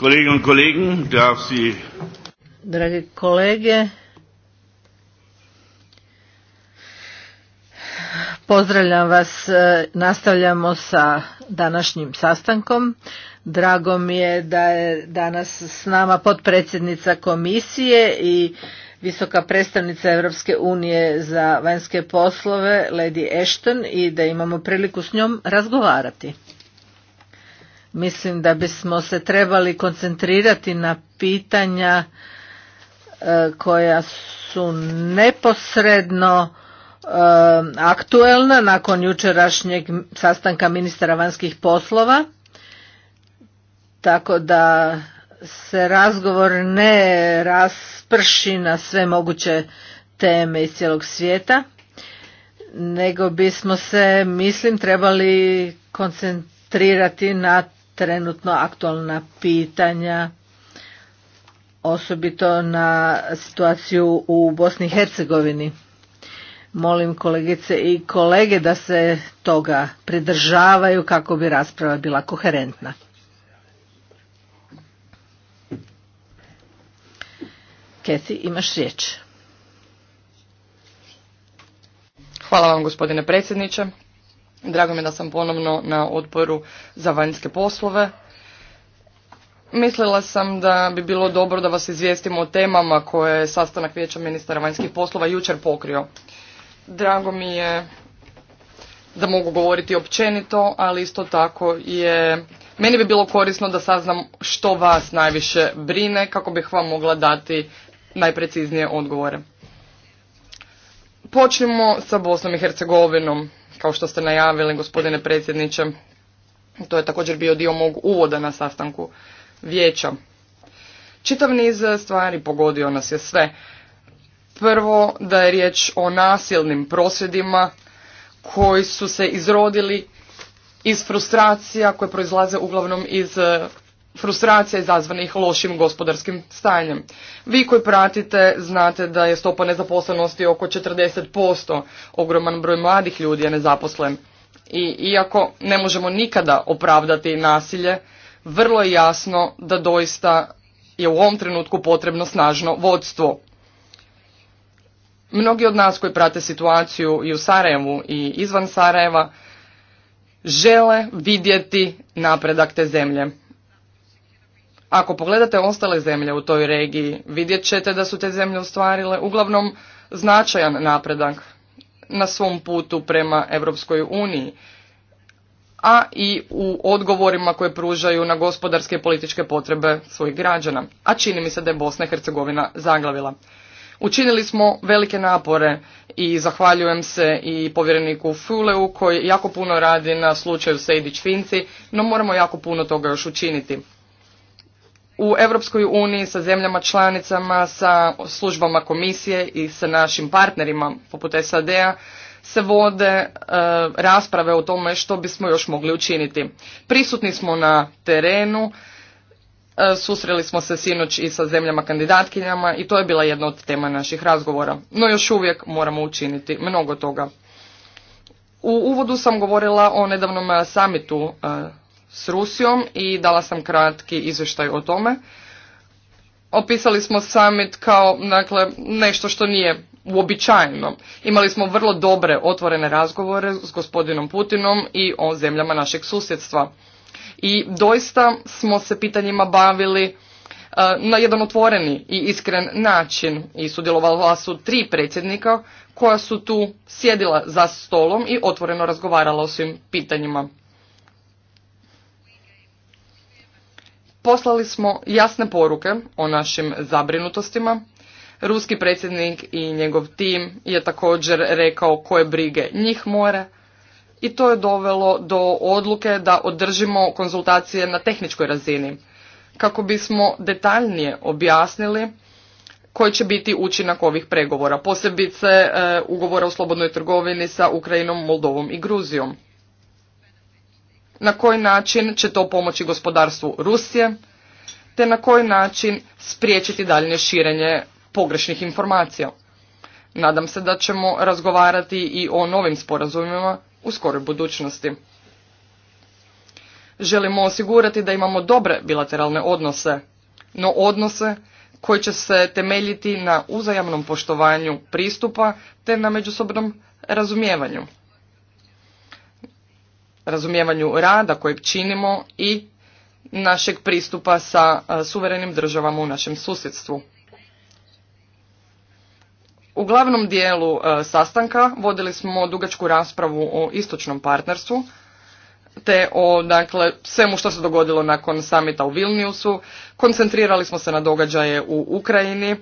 Kollegen, darf Sie Drage kolege, pozdravljam vas, e, nastavljamo sa današnjim sastankom. Drago mi je da je danas s nama potpredsjednica komisije i visoka predstavnica Europske unije za vanjske poslove, Lady Ashton, i da imamo priliku s njom razgovarati. Mislim da bismo se trebali koncentrirati na pitanja e, koja su neposredno e, aktuelna nakon jučerašnjeg sastanka ministara vanjskih poslova. Tako da se razgovor ne rasprši na sve moguće teme iz cijelog svijeta, nego bismo se, mislim, trebali koncentrirati na trenutno aktualna pitanja osobito na situaciju u Bosni i Hercegovini. Molim kolegice i kolege da se toga pridržavaju kako bi rasprava bila koherentna. Kesi, imaš riječ. Hvala vam gospodine predsjedniče. Drago mi je da sam ponovno na odporu za vanjske poslove. Mislila sam da bi bilo dobro da vas izvijestimo o temama koje je sastanak vijeća ministara vanjskih poslova jučer pokrio. Drago mi je da mogu govoriti općenito, ali isto tako je... Meni bi bilo korisno da saznam što vas najviše brine, kako bih vam mogla dati najpreciznije odgovore. Počnimo sa Bosnom i Hercegovinom kao što ste najavili gospodine predsjedniče. To je također bio dio mog uvoda na sastanku vijeća. Čitav niz stvari pogodio nas je sve. Prvo da je riječ o nasilnim prosvjedima koji su se izrodili iz frustracija koje proizlaze uglavnom iz frustracija izazvanih lošim gospodarskim stanjem. Vi koji pratite znate da je stopa nezaposlenosti oko 40%, ogroman broj mladih ljudi je nezaposlen. I iako ne možemo nikada opravdati nasilje, vrlo je jasno da doista je u ovom trenutku potrebno snažno vodstvo. Mnogi od nas koji prate situaciju i u Sarajevu i izvan Sarajeva žele vidjeti napredak te zemlje. Ako pogledate ostale zemlje u toj regiji, vidjet ćete da su te zemlje ostvarile uglavnom značajan napredak na svom putu prema Europskoj uniji, a i u odgovorima koje pružaju na gospodarske i političke potrebe svojih građana, a čini mi se da je Bosna i Hercegovina zaglavila. Učinili smo velike napore i zahvaljujem se i povjereniku Fuleu koji jako puno radi na slučaju Sejdić Finci, no moramo jako puno toga još učiniti u Europskoj uniji sa zemljama članicama, sa službama komisije i sa našim partnerima poput SAD-a se vode e, rasprave o tome što bismo još mogli učiniti. Prisutni smo na terenu, e, susreli smo se sinoć i sa zemljama kandidatkinjama i to je bila jedna od tema naših razgovora. No još uvijek moramo učiniti mnogo toga. U uvodu sam govorila o nedavnom e, samitu e, s Rusijom i dala sam kratki izvještaj o tome. Opisali smo summit kao dakle, nešto što nije uobičajeno. Imali smo vrlo dobre otvorene razgovore s gospodinom Putinom i o zemljama našeg susjedstva. I doista smo se pitanjima bavili e, na jedan otvoreni i iskren način i sudjelovala su tri predsjednika koja su tu sjedila za stolom i otvoreno razgovarala o svim pitanjima. Poslali smo jasne poruke o našim zabrinutostima. Ruski predsjednik i njegov tim je također rekao koje brige njih more i to je dovelo do odluke da održimo konzultacije na tehničkoj razini kako bismo detaljnije objasnili koji će biti učinak ovih pregovora, posebice e, ugovora o slobodnoj trgovini sa Ukrajinom, Moldovom i Gruzijom na koji način će to pomoći gospodarstvu Rusije, te na koji način spriječiti daljnje širenje pogrešnih informacija. Nadam se da ćemo razgovarati i o novim sporazumima u skoroj budućnosti. Želimo osigurati da imamo dobre bilateralne odnose, no odnose koji će se temeljiti na uzajamnom poštovanju pristupa te na međusobnom razumijevanju razumijevanju rada kojeg činimo i našeg pristupa sa e, suverenim državama u našem susjedstvu. U glavnom dijelu e, sastanka vodili smo dugačku raspravu o istočnom partnerstvu, te o dakle, svemu što se dogodilo nakon samita u Vilniusu. Koncentrirali smo se na događaje u Ukrajini,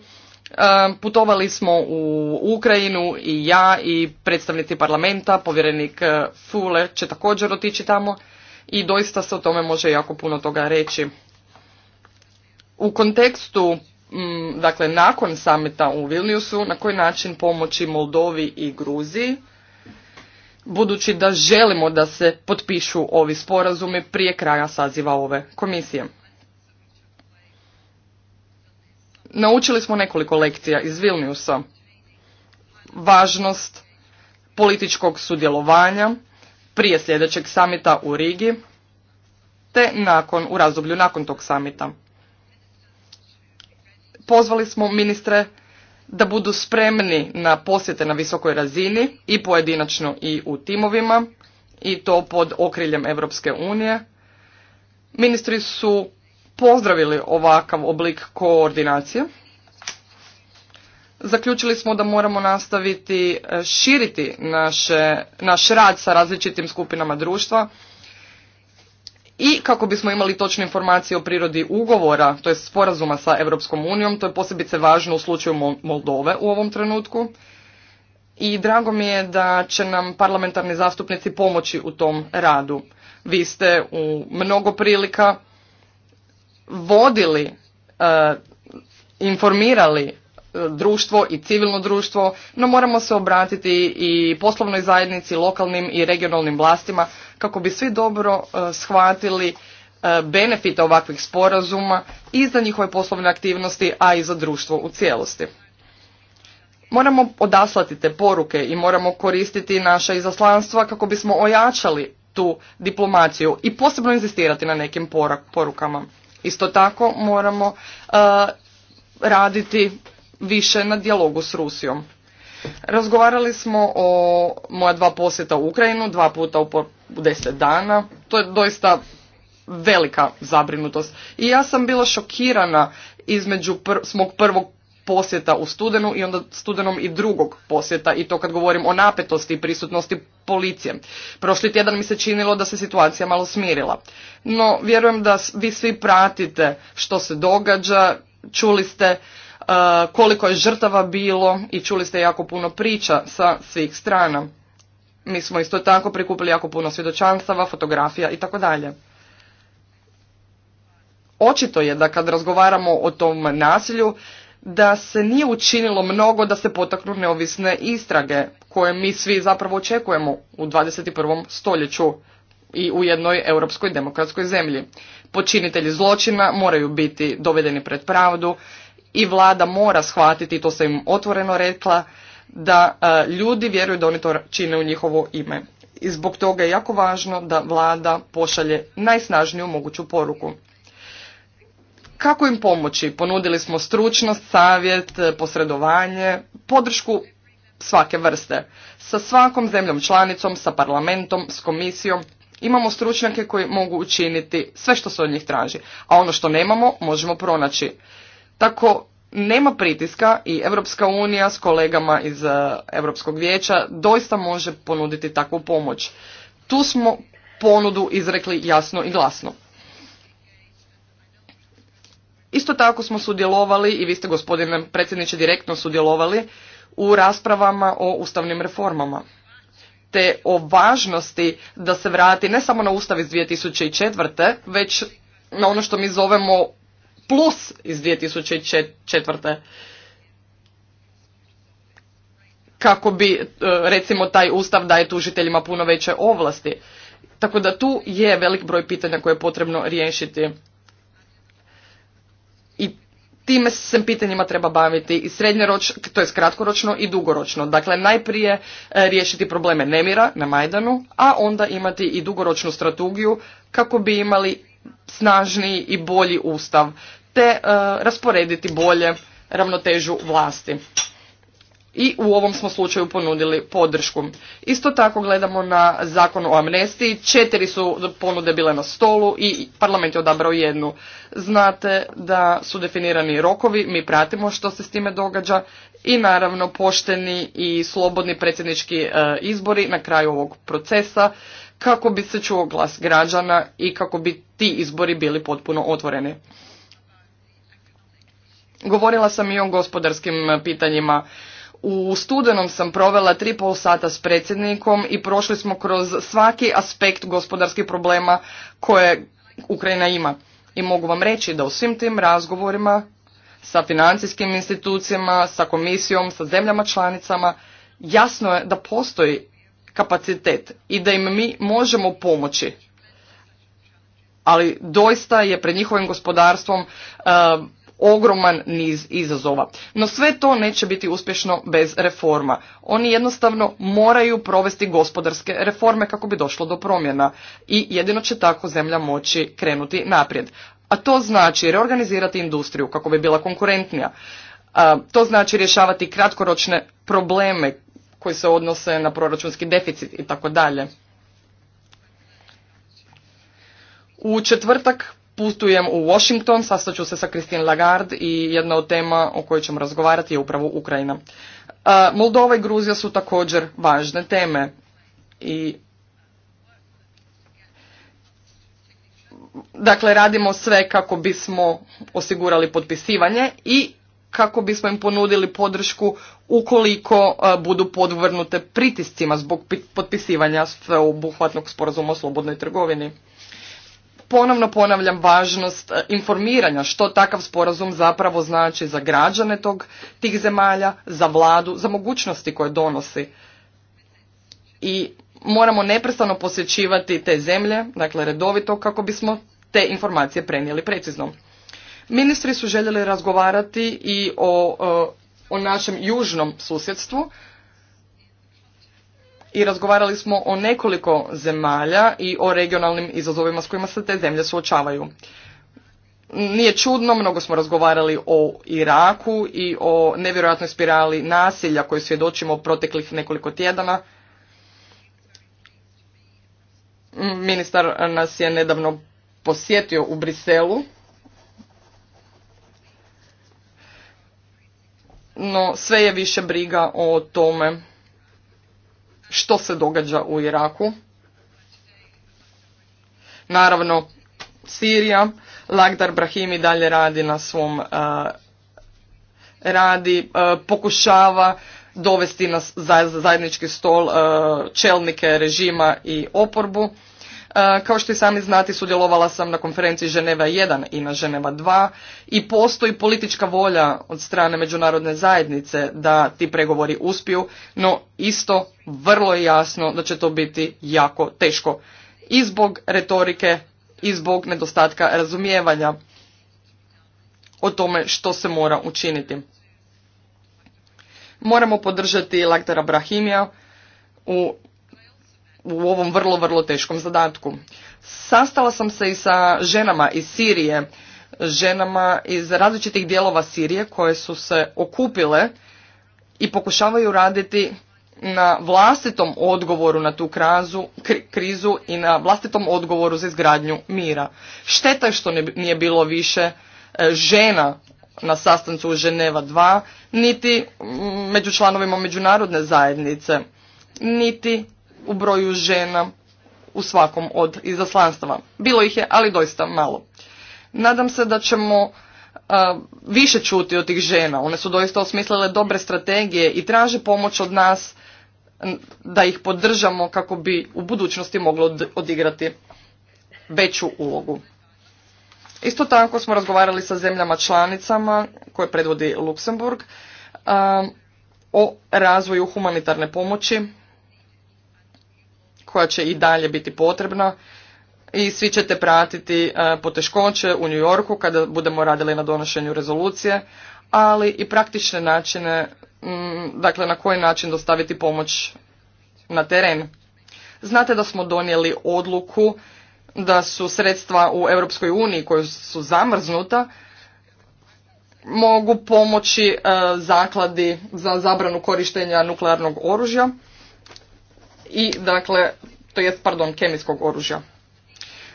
Putovali smo u Ukrajinu i ja i predstavnici parlamenta, povjerenik eh, Fule će također otići tamo i doista se o tome može jako puno toga reći. U kontekstu, mm, dakle nakon sameta u Vilniusu, na koji način pomoći Moldovi i Gruziji, budući da želimo da se potpišu ovi sporazumi prije kraja saziva ove komisije. Naučili smo nekoliko lekcija iz Vilniusa. Važnost političkog sudjelovanja prije sljedećeg samita u Rigi te nakon, u razdoblju nakon tog samita. Pozvali smo ministre da budu spremni na posjete na visokoj razini i pojedinačno i u timovima i to pod okriljem Europske unije. Ministri su pozdravili ovakav oblik koordinacije. Zaključili smo da moramo nastaviti e, širiti naše, naš rad sa različitim skupinama društva i kako bismo imali točne informacije o prirodi ugovora, to je sporazuma sa Europskom unijom, to je posebice važno u slučaju Moldove u ovom trenutku. I drago mi je da će nam parlamentarni zastupnici pomoći u tom radu. Vi ste u mnogo prilika vodili, e, informirali e, društvo i civilno društvo, no moramo se obratiti i poslovnoj zajednici, lokalnim i regionalnim vlastima kako bi svi dobro e, shvatili benefite ovakvih sporazuma i za njihove poslovne aktivnosti, a i za društvo u cijelosti. Moramo odaslati te poruke i moramo koristiti naša izaslanstva kako bismo ojačali tu diplomaciju i posebno inzistirati na nekim porukama. Isto tako moramo eh, raditi više na dijalogu s Rusijom. Razgovarali smo o moja dva posjeta u Ukrajinu, dva puta u deset dana. To je doista velika zabrinutost. I ja sam bila šokirana između smog prvog posjeta u studenu i onda studenom i drugog posjeta i to kad govorim o napetosti i prisutnosti policije. Prošli tjedan mi se činilo da se situacija malo smirila. No, vjerujem da vi svi pratite što se događa, čuli ste uh, koliko je žrtava bilo i čuli ste jako puno priča sa svih strana. Mi smo isto tako prikupili jako puno svjedočanstava, fotografija i tako dalje. Očito je da kad razgovaramo o tom nasilju, da se nije učinilo mnogo da se potaknu neovisne istrage koje mi svi zapravo očekujemo u 21. stoljeću i u jednoj europskoj demokratskoj zemlji. Počinitelji zločina moraju biti dovedeni pred pravdu i vlada mora shvatiti, to sam im otvoreno rekla, da e, ljudi vjeruju da oni to čine u njihovo ime. I zbog toga je jako važno da vlada pošalje najsnažniju moguću poruku. Kako im pomoći? Ponudili smo stručnost, savjet, posredovanje, podršku svake vrste. Sa svakom zemljom članicom, sa parlamentom, s komisijom, imamo stručnjake koji mogu učiniti sve što se od njih traži, a ono što nemamo možemo pronaći. Tako nema pritiska i Europska unija s kolegama iz Europskog vijeća doista može ponuditi takvu pomoć. Tu smo ponudu izrekli jasno i glasno. Isto tako smo sudjelovali i vi ste gospodine predsjedniče direktno sudjelovali u raspravama o ustavnim reformama te o važnosti da se vrati ne samo na ustav iz 2004. već na ono što mi zovemo plus iz 2004. kako bi e, recimo taj ustav daje tužiteljima puno veće ovlasti. Tako da tu je velik broj pitanja koje je potrebno riješiti time se pitanjima treba baviti i srednjoročno, to je kratkoročno i dugoročno. Dakle, najprije e, riješiti probleme nemira na Majdanu, a onda imati i dugoročnu strategiju kako bi imali snažniji i bolji ustav, te e, rasporediti bolje ravnotežu vlasti i u ovom smo slučaju ponudili podršku. Isto tako gledamo na zakon o amnestiji, četiri su ponude bile na stolu i parlament je odabrao jednu. Znate da su definirani rokovi, mi pratimo što se s time događa i naravno pošteni i slobodni predsjednički e, izbori na kraju ovog procesa kako bi se čuo glas građana i kako bi ti izbori bili potpuno otvoreni. Govorila sam i o gospodarskim pitanjima u studenom sam provela 3,5 sata s predsjednikom i prošli smo kroz svaki aspekt gospodarskih problema koje Ukrajina ima. I mogu vam reći da u svim tim razgovorima sa financijskim institucijama, sa komisijom, sa zemljama članicama, jasno je da postoji kapacitet i da im mi možemo pomoći. Ali doista je pred njihovim gospodarstvom eh, ogroman niz izazova. No sve to neće biti uspješno bez reforma. Oni jednostavno moraju provesti gospodarske reforme kako bi došlo do promjena i jedino će tako zemlja moći krenuti naprijed. A to znači reorganizirati industriju kako bi bila konkurentnija. to znači rješavati kratkoročne probleme koji se odnose na proračunski deficit i tako dalje. U četvrtak putujem u Washington, ću se sa Christine Lagarde i jedna od tema o kojoj ćemo razgovarati je upravo Ukrajina. E, Moldova i Gruzija su također važne teme i dakle radimo sve kako bismo osigurali potpisivanje i kako bismo im ponudili podršku ukoliko e, budu podvrnute pritiscima zbog potpisivanja sveobuhvatnog sporazuma o slobodnoj trgovini. Ponovno ponavljam važnost e, informiranja što takav sporazum zapravo znači za građane tog, tih zemalja, za vladu, za mogućnosti koje donosi. I moramo neprestano posjećivati te zemlje, dakle redovito, kako bismo te informacije prenijeli precizno. Ministri su željeli razgovarati i o, e, o našem južnom susjedstvu, i razgovarali smo o nekoliko zemalja i o regionalnim izazovima s kojima se te zemlje suočavaju. Nije čudno, mnogo smo razgovarali o Iraku i o nevjerojatnoj spirali nasilja koju svjedočimo proteklih nekoliko tjedana. Ministar nas je nedavno posjetio u Briselu. No sve je više briga o tome što se događa u Iraku. Naravno, Sirija, Lagdar Brahimi dalje radi na svom uh, radi, uh, pokušava dovesti na zajednički stol uh, čelnike režima i oporbu E, kao što i sami znate, sudjelovala sam na konferenciji Ženeva 1 i na Ženeva 2 i postoji politička volja od strane međunarodne zajednice da ti pregovori uspiju, no isto vrlo je jasno da će to biti jako teško. I zbog retorike i zbog nedostatka razumijevanja o tome što se mora učiniti. Moramo podržati Laktara Brahimija u u ovom vrlo, vrlo teškom zadatku. Sastala sam se i sa ženama iz Sirije, ženama iz različitih dijelova Sirije koje su se okupile i pokušavaju raditi na vlastitom odgovoru na tu krazu, krizu i na vlastitom odgovoru za izgradnju mira. Šteta je što nije bilo više e, žena na sastancu u Ženeva 2, niti među članovima međunarodne zajednice, niti u broju žena u svakom od izaslanstava. Bilo ih je, ali doista malo. Nadam se da ćemo više čuti od tih žena. One su doista osmislile dobre strategije i traže pomoć od nas da ih podržamo kako bi u budućnosti moglo odigrati veću ulogu. Isto tako smo razgovarali sa zemljama članicama koje predvodi Luksemburg o razvoju humanitarne pomoći koja će i dalje biti potrebna i svi ćete pratiti e, poteškoće u New Yorku kada budemo radili na donošenju rezolucije, ali i praktične načine, mm, dakle na koji način dostaviti pomoć na teren. Znate da smo donijeli odluku da su sredstva u Europskoj uniji koja su zamrznuta mogu pomoći e, zakladi za zabranu korištenja nuklearnog oružja i dakle, to jest, pardon, kemijskog oružja.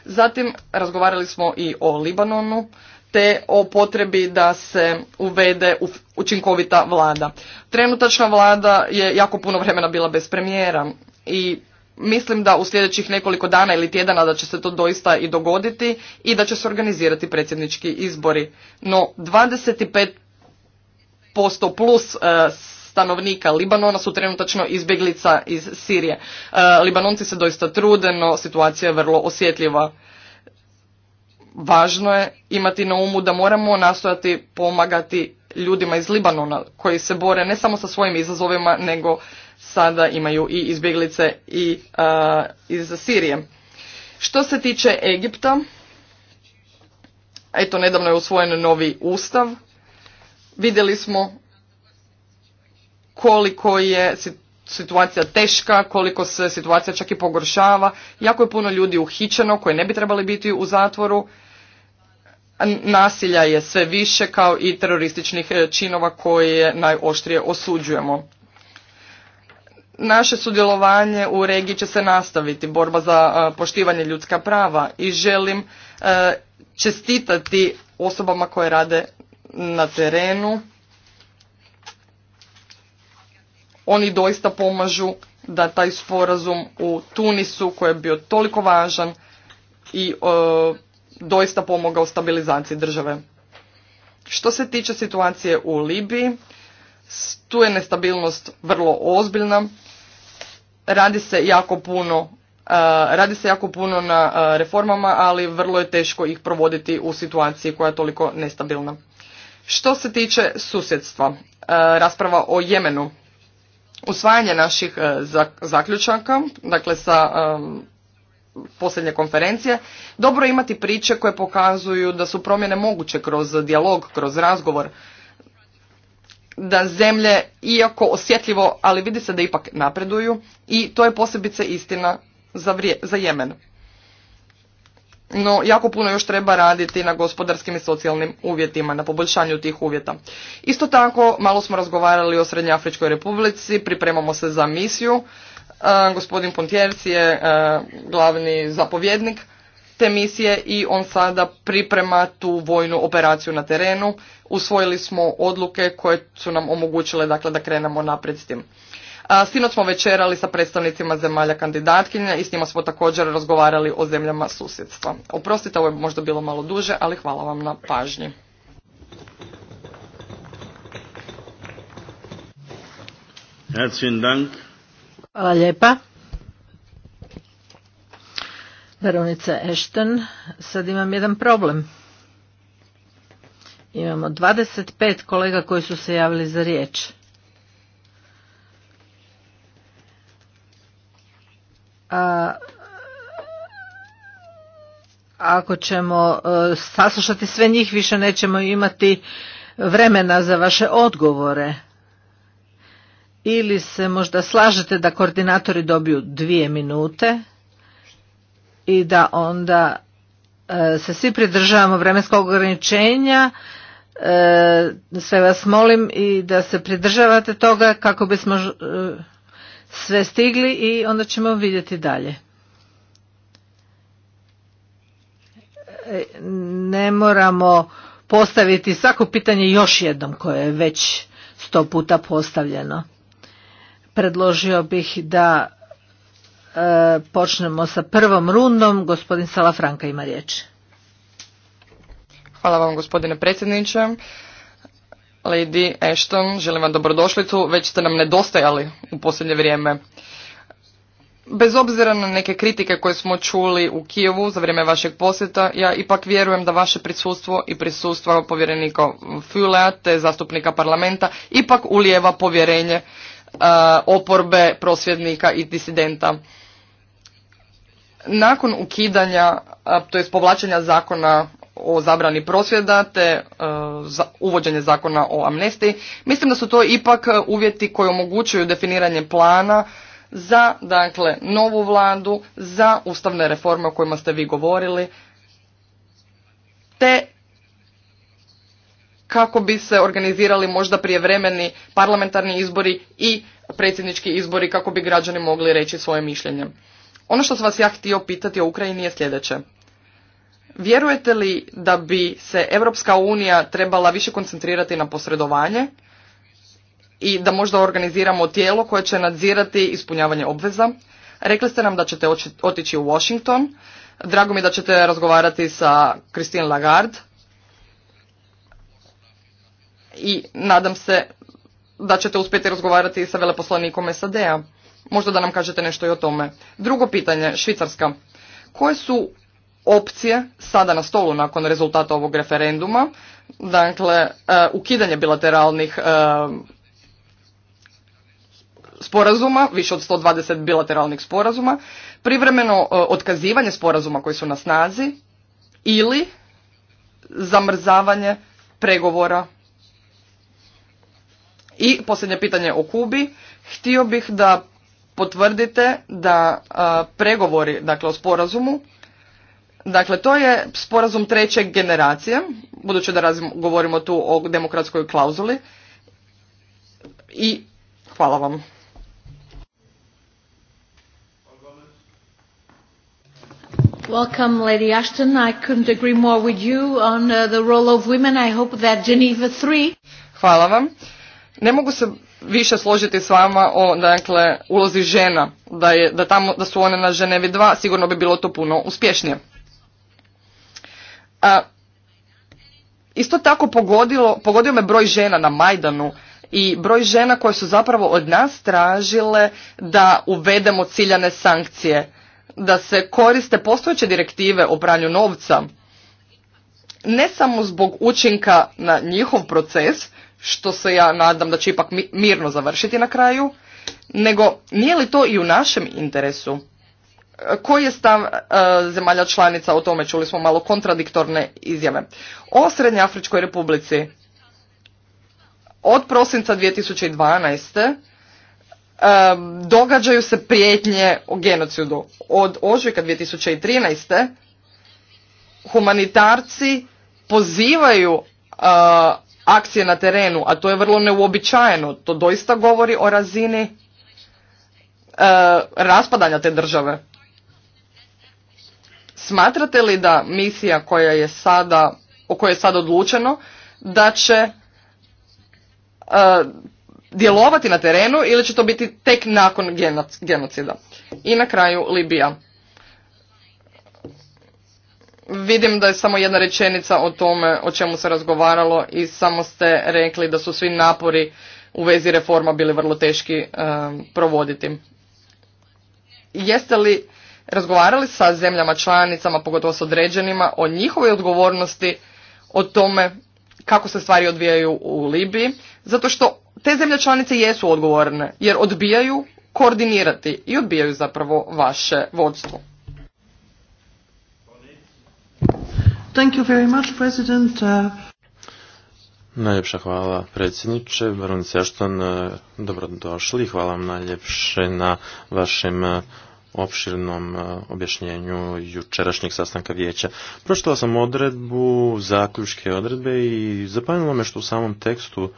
Zatim razgovarali smo i o Libanonu, te o potrebi da se uvede učinkovita vlada. Trenutačna vlada je jako puno vremena bila bez premijera i mislim da u sljedećih nekoliko dana ili tjedana da će se to doista i dogoditi i da će se organizirati predsjednički izbori. No 25% plus eh, stanovnika Libanona su trenutačno izbjeglica iz Sirije. E, Libanonci se doista trude, no situacija je vrlo osjetljiva. Važno je imati na umu da moramo nastojati pomagati ljudima iz Libanona koji se bore ne samo sa svojim izazovima, nego sada imaju i izbjeglice i e, iz Sirije. Što se tiče Egipta, eto nedavno je usvojen novi ustav. Vidjeli smo koliko je situacija teška, koliko se situacija čak i pogoršava. Jako je puno ljudi uhićeno koji ne bi trebali biti u zatvoru. Nasilja je sve više kao i terorističnih e, činova koje najoštrije osuđujemo. Naše sudjelovanje u regiji će se nastaviti, borba za e, poštivanje ljudska prava i želim e, čestitati osobama koje rade na terenu Oni doista pomažu da taj sporazum u Tunisu koji je bio toliko važan i e, doista pomogao stabilizaciji države. Što se tiče situacije u Libiji, tu je nestabilnost vrlo ozbiljna. Radi se jako puno e, Radi se jako puno na e, reformama, ali vrlo je teško ih provoditi u situaciji koja je toliko nestabilna. Što se tiče susjedstva, e, rasprava o Jemenu usvajanje naših e, zaključaka, dakle sa e, posljednje konferencije, dobro imati priče koje pokazuju da su promjene moguće kroz dijalog, kroz razgovor, da zemlje, iako osjetljivo, ali vidi se da ipak napreduju i to je posebice istina za, za Jemen no jako puno još treba raditi na gospodarskim i socijalnim uvjetima, na poboljšanju tih uvjeta. Isto tako, malo smo razgovarali o Srednjoafričkoj republici, pripremamo se za misiju. E, gospodin Pontjerci je e, glavni zapovjednik te misije i on sada priprema tu vojnu operaciju na terenu. Usvojili smo odluke koje su nam omogućile dakle, da krenemo naprijed s tim. Sinoć smo večerali sa predstavnicima zemalja kandidatkinja i s njima smo također razgovarali o zemljama susjedstva. Oprostite, ovo je možda bilo malo duže, ali hvala vam na pažnji. Hvala lijepa. Veronica Ešten, sad imam jedan problem. Imamo 25 kolega koji su se javili za riječ. ako ćemo e, saslušati sve njih, više nećemo imati vremena za vaše odgovore. Ili se možda slažete da koordinatori dobiju dvije minute i da onda e, se svi pridržavamo vremenskog ograničenja. E, sve vas molim i da se pridržavate toga kako bismo sve stigli i onda ćemo vidjeti dalje. E, ne moramo postaviti svako pitanje još jednom koje je već sto puta postavljeno. Predložio bih da e, počnemo sa prvom rundom. Gospodin Salafranka ima riječ. Hvala vam gospodine predsjedniče. Lady Ashton, želim vam dobrodošlicu, već ste nam nedostajali u posljednje vrijeme. Bez obzira na neke kritike koje smo čuli u Kijevu za vrijeme vašeg posjeta, ja ipak vjerujem da vaše prisustvo i prisustvo povjerenika Fulea te zastupnika parlamenta ipak ulijeva povjerenje e, oporbe, prosvjednika i disidenta. Nakon ukidanja, to je povlačenja zakona o zabrani prosvjeda te e, uvođenje zakona o amnestiji. Mislim da su to ipak e, uvjeti koji omogućuju definiranje plana za dakle, novu vladu, za ustavne reforme o kojima ste vi govorili, te kako bi se organizirali možda prijevremeni parlamentarni izbori i predsjednički izbori kako bi građani mogli reći svoje mišljenje. Ono što sam vas ja htio pitati o Ukrajini je sljedeće. Vjerujete li da bi se Europska unija trebala više koncentrirati na posredovanje i da možda organiziramo tijelo koje će nadzirati ispunjavanje obveza? Rekli ste nam da ćete otići u Washington. Drago mi da ćete razgovarati sa Christine Lagarde. I nadam se da ćete uspjeti razgovarati sa veleposlanikom SAD-a. Možda da nam kažete nešto i o tome. Drugo pitanje, Švicarska. Koje su opcije sada na stolu nakon rezultata ovog referenduma, dakle e, ukidanje bilateralnih e, sporazuma, više od 120 bilateralnih sporazuma, privremeno e, otkazivanje sporazuma koji su na snazi ili zamrzavanje pregovora. I posljednje pitanje o Kubi. Htio bih da potvrdite da pregovori dakle, o sporazumu Dakle, to je sporazum treće generacije, budući da govorimo tu o demokratskoj klauzuli. I hvala vam. Welcome, Lady Ashton. I couldn't agree more with you on uh, the role of women. I hope that Geneva Hvala vam. Ne mogu se više složiti s vama o dakle, ulozi žena, da, je, da, tamo, da su one na Ženevi 2, sigurno bi bilo to puno uspješnije isto tako pogodilo, pogodio me broj žena na Majdanu i broj žena koje su zapravo od nas tražile da uvedemo ciljane sankcije, da se koriste postojeće direktive o pranju novca, ne samo zbog učinka na njihov proces, što se ja nadam da će ipak mirno završiti na kraju, nego nije li to i u našem interesu? koji je stav e, zemalja članica o tome? Čuli smo malo kontradiktorne izjave. O Srednje republici od prosinca 2012. E, događaju se prijetnje o genocidu. Od ožujka 2013. humanitarci pozivaju e, akcije na terenu, a to je vrlo neuobičajeno. To doista govori o razini raspadanja te države. Smatrate li da misija koja je sada, o kojoj je sada odlučeno, da će e, djelovati na terenu ili će to biti tek nakon genocida? I na kraju Libija. Vidim da je samo jedna rečenica o tome o čemu se razgovaralo i samo ste rekli da su svi napori u vezi reforma bili vrlo teški e, provoditi. Jeste li razgovarali sa zemljama članicama, pogotovo s određenima, o njihovoj odgovornosti, o tome kako se stvari odvijaju u Libiji, zato što te zemlje članice jesu odgovorne, jer odbijaju koordinirati i odbijaju zapravo vaše vodstvo. Thank you very much, President. Uh, Najljepša hvala predsjedniče, Sešton, uh, dobrodošli, hvala vam najljepše na vašem uh, opširnom e, objašnjenju jučerašnjeg sastanka vijeća. Pročitala sam odredbu, zaključke odredbe i zapanjilo me što u samom tekstu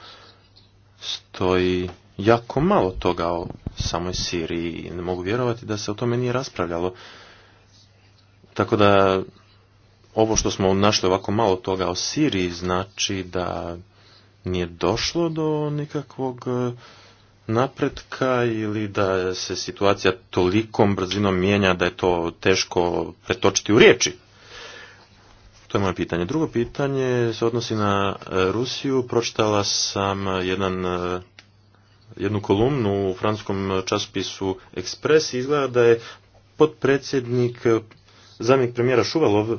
stoji jako malo toga o samoj Siriji ne mogu vjerovati da se o tome nije raspravljalo. Tako da ovo što smo našli ovako malo toga o Siriji znači da nije došlo do nikakvog e, napretka ili da se situacija tolikom brzinom mijenja da je to teško pretočiti u riječi? To je moje pitanje. Drugo pitanje se odnosi na e, Rusiju. Pročitala sam e, jedan e, jednu kolumnu u franskom časopisu Express izgleda da je potpredsjednik zamjenik premijera Šuvalov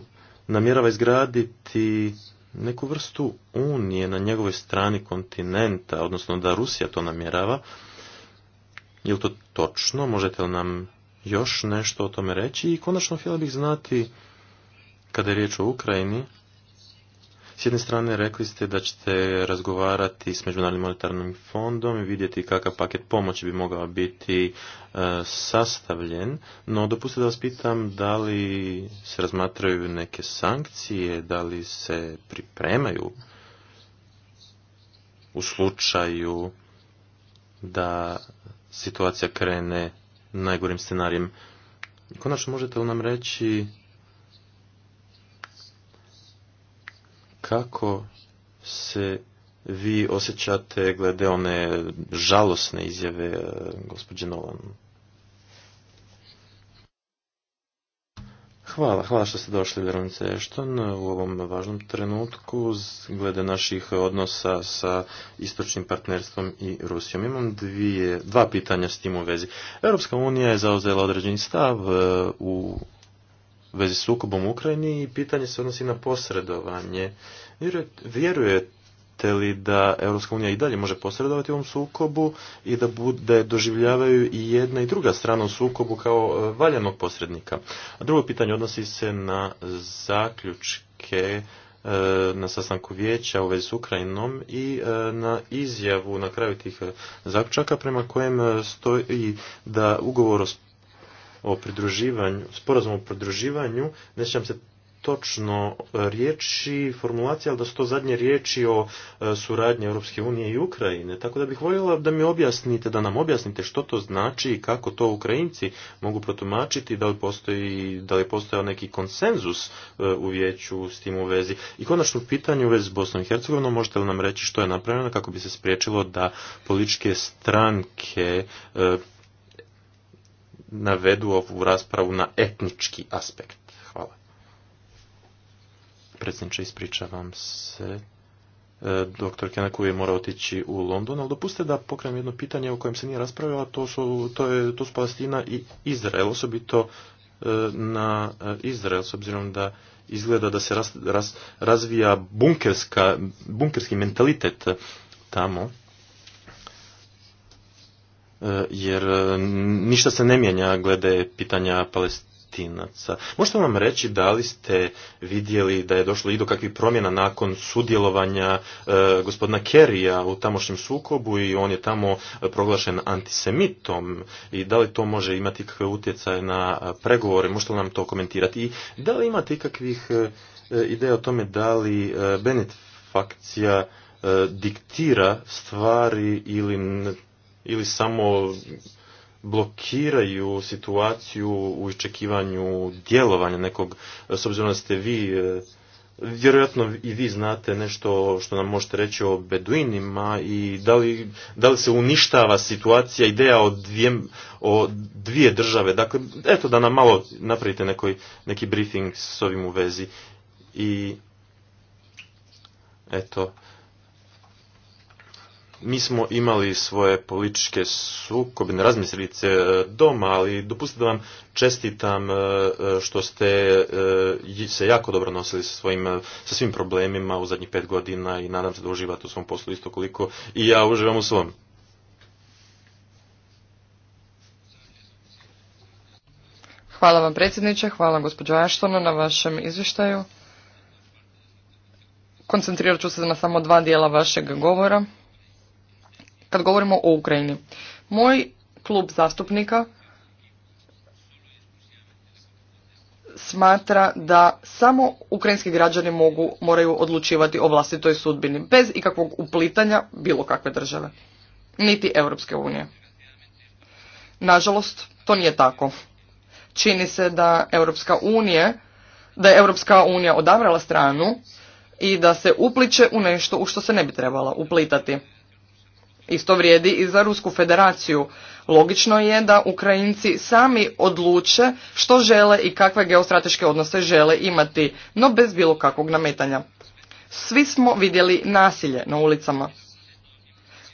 namjerava izgraditi neku vrstu unije na njegovoj strani kontinenta, odnosno da Rusija to namjerava. Je li to točno? Možete li nam još nešto o tome reći? I konačno htjela bih znati, kada je riječ o Ukrajini, s jedne strane rekli ste da ćete razgovarati s Međunarodnim monetarnim fondom i vidjeti kakav paket pomoći bi mogao biti e, sastavljen, no dopustite da vas pitam da li se razmatraju neke sankcije, da li se pripremaju u slučaju da situacija krene najgorim scenarijem. Konačno možete li nam reći kako se vi osjećate glede one žalosne izjave eh, gospođe Nolan? Hvala, hvala što ste došli, Veronica Ešton, u ovom važnom trenutku glede naših odnosa sa istočnim partnerstvom i Rusijom. Imam dva pitanja s tim u vezi. Europska unija je zauzela određeni stav eh, u vezi s sukobom u Ukrajini i pitanje se odnosi na posredovanje. Vjerujete li da EU i dalje može posredovati u ovom sukobu i da bude, doživljavaju i jedna i druga strana u sukobu kao e, valjanog posrednika? A drugo pitanje odnosi se na zaključke e, na sastanku vijeća u vezi s Ukrajinom i e, na izjavu na kraju tih zaključaka prema kojem stoji da ugovor o o pridruživanju, sporazum o pridruživanju, ne sjećam se točno e, riječi, formulacija, ali da su to zadnje riječi o e, suradnji Europske unije i Ukrajine. Tako da bih voljela da mi objasnite, da nam objasnite što to znači i kako to Ukrajinci mogu protumačiti, da li postoji, da li postojao neki konsenzus e, u vijeću s tim u vezi. I konačno pitanje u vezi s Bosnom i Hercegovinom, možete li nam reći što je napravljeno kako bi se spriječilo da političke stranke navedu ovu raspravu na etnički aspekt. Hvala. Predsjedniče, ispričavam se. Dr. E, doktor Kenaku je morao otići u London, ali dopustite da pokrenem jedno pitanje o kojem se nije raspravila, to su, to je, to su Palestina i Izrael, osobito e, na e, Izrael, s obzirom da izgleda da se razvija bunkerska, bunkerski mentalitet tamo. E, jer e, ništa se ne mijenja glede pitanja palestinaca. Možete vam reći da li ste vidjeli da je došlo i do kakvih promjena nakon sudjelovanja e, gospodina Kerija u tamošnjem sukobu i on je tamo proglašen antisemitom i da li to može imati kakve utjecaje na pregovore, možete li nam to komentirati i da li imate ikakvih ideja o tome da li Benet fakcija diktira stvari ili ili samo blokiraju situaciju u iščekivanju djelovanja nekog, s obzirom da ste vi, e, vjerojatno i vi znate nešto što nam možete reći o beduinima i da li, da li se uništava situacija, ideja o dvije, o dvije države. Dakle, eto da nam malo napravite nekoj, neki briefing s ovim u vezi. I eto, mi smo imali svoje političke sukobine, razmislice e, doma, ali dopustite da vam čestitam e, e, što ste se jako dobro nosili sa, svojim, sa svim problemima u zadnjih pet godina i nadam se da uživate u svom poslu isto koliko i ja uživam u svom. Hvala vam predsjedniče, hvala gospođo Aštona na vašem izvještaju. Koncentrirat ću se na samo dva dijela vašeg govora kad govorimo o Ukrajini. Moj klub zastupnika smatra da samo ukrajinski građani mogu, moraju odlučivati o vlastitoj sudbini, bez ikakvog uplitanja bilo kakve države, niti Europske unije. Nažalost, to nije tako. Čini se da Europska unija, da je Europska unija odabrala stranu i da se upliče u nešto u što se ne bi trebala uplitati. Isto vrijedi i za Rusku federaciju. Logično je da Ukrajinci sami odluče što žele i kakve geostrateške odnose žele imati, no bez bilo kakvog nametanja. Svi smo vidjeli nasilje na ulicama.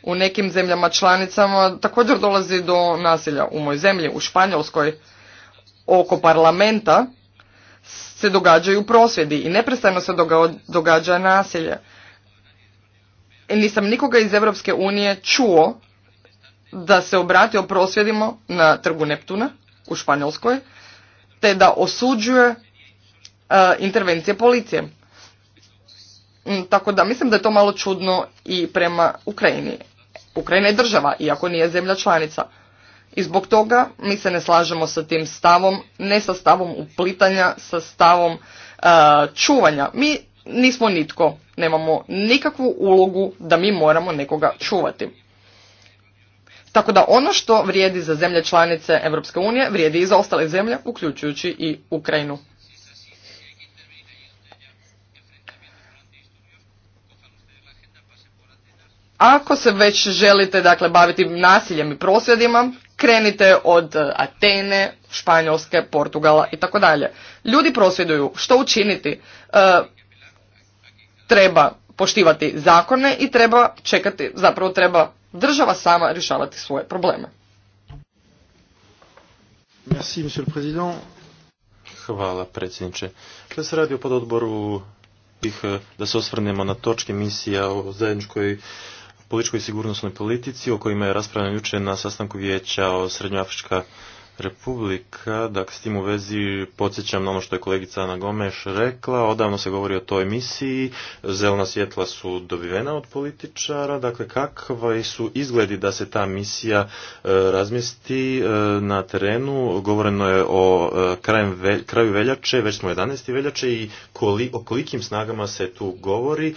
U nekim zemljama članicama također dolazi do nasilja. U mojoj zemlji, u Španjolskoj, oko parlamenta se događaju prosvjedi i neprestano se događa nasilje nisam nikoga iz Europske unije čuo da se obratio prosvjedimo na trgu Neptuna u Španjolskoj, te da osuđuje e, intervencije policije. Mm, tako da mislim da je to malo čudno i prema Ukrajini. Ukrajina je država, iako nije zemlja članica. I zbog toga mi se ne slažemo sa tim stavom, ne sa stavom uplitanja, sa stavom e, čuvanja. Mi nismo nitko, nemamo nikakvu ulogu da mi moramo nekoga čuvati. Tako da ono što vrijedi za zemlje članice Europske unije vrijedi i za ostale zemlje, uključujući i Ukrajinu. Ako se već želite dakle, baviti nasiljem i prosvjedima, krenite od e, Atene, Španjolske, Portugala i tako dalje. Ljudi prosvjeduju. Što učiniti? E, treba poštivati zakone i treba čekati, zapravo treba država sama rješavati svoje probleme. Merci, monsieur le président. Hvala, predsjedniče. Kada se radi o pododboru bih eh, da se osvrnemo na točke misija o zajedničkoj političkoj i sigurnosnoj politici o kojima je raspravljeno jučer na sastanku vijeća o Srednjoafrička republika, dak s tim u vezi podsjećam na ono što je kolegica Ana Gomeš rekla, odavno se govori o toj misiji, zelena svjetla su dobivena od političara, dakle kakvi su izgledi da se ta misija e, razmjesti e, na terenu, govoreno je o e, kraju veljače, već smo 11. veljače i koli, o kolikim snagama se tu govori,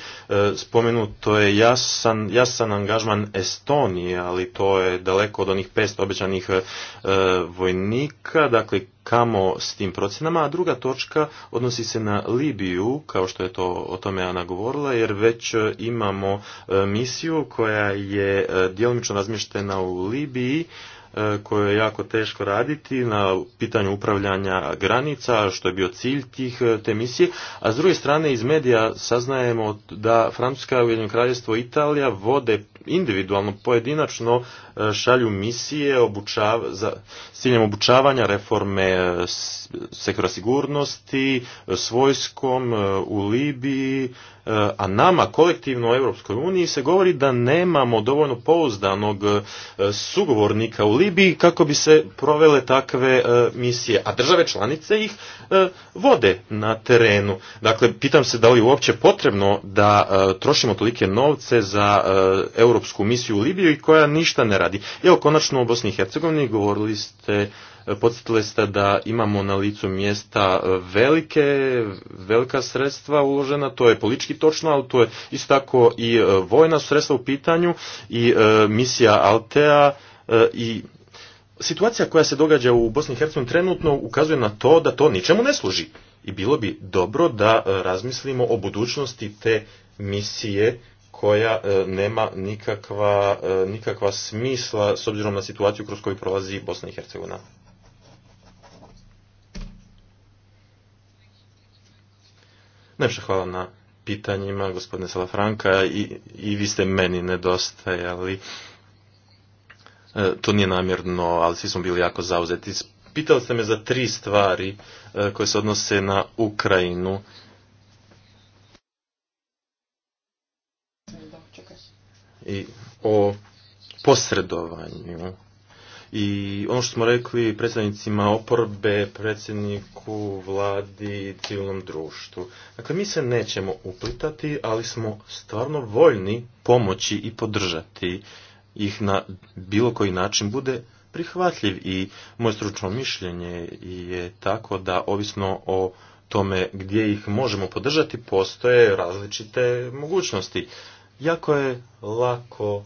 spomenuto je jasan, jasan angažman Estonije, ali to je daleko od onih 500 obećanih vojnika, dakle kamo s tim procjenama, a druga točka odnosi se na Libiju, kao što je to o tome Ana govorila, jer već e, imamo e, misiju koja je e, djelomično razmještena u Libiji, koju je jako teško raditi na pitanju upravljanja granica, što je bio cilj tih te misije. A s druge strane iz medija saznajemo da Francuska, Ujedinjeno kraljestvo i Italija vode individualno, pojedinačno e, šalju misije obučava, za, s ciljem obučavanja reforme e, sektora sigurnosti, e, s vojskom u Libiji, a nama kolektivno u Europskoj uniji se govori da nemamo dovoljno pouzdanog sugovornika u Libiji kako bi se provele takve misije, a države članice ih vode na terenu. Dakle, pitam se da li je uopće potrebno da trošimo tolike novce za EU europsku misiju u Libiju i koja ništa ne radi. Evo konačno u Bosni i Hercegovini govorili ste, e, podsjetili ste da imamo na licu mjesta e, velike, velika sredstva uložena, to je politički točno, ali to je isto tako i e, vojna sredstva u pitanju i misija Altea i situacija koja se događa u Bosni i Hercegovini trenutno ukazuje na to da to ničemu ne služi. I bilo bi dobro da razmislimo o budućnosti te misije koja e, nema e, nikakva, smisla s obzirom na situaciju kroz koju prolazi Bosna i Hercegovina. Najviše hvala na pitanjima, gospodine Salafranka, i, i vi ste meni nedostajali. E, to nije namjerno, ali svi smo bili jako zauzeti. Pitali ste me za tri stvari koje se odnose na Ukrajinu. i o posredovanju. I ono što smo rekli predsjednicima oporbe, predsjedniku, vladi, civilnom društvu. Dakle, mi se nećemo uplitati, ali smo stvarno voljni pomoći i podržati ih na bilo koji način bude prihvatljiv i moje stručno mišljenje je tako da ovisno o tome gdje ih možemo podržati postoje različite mogućnosti. Jako je lako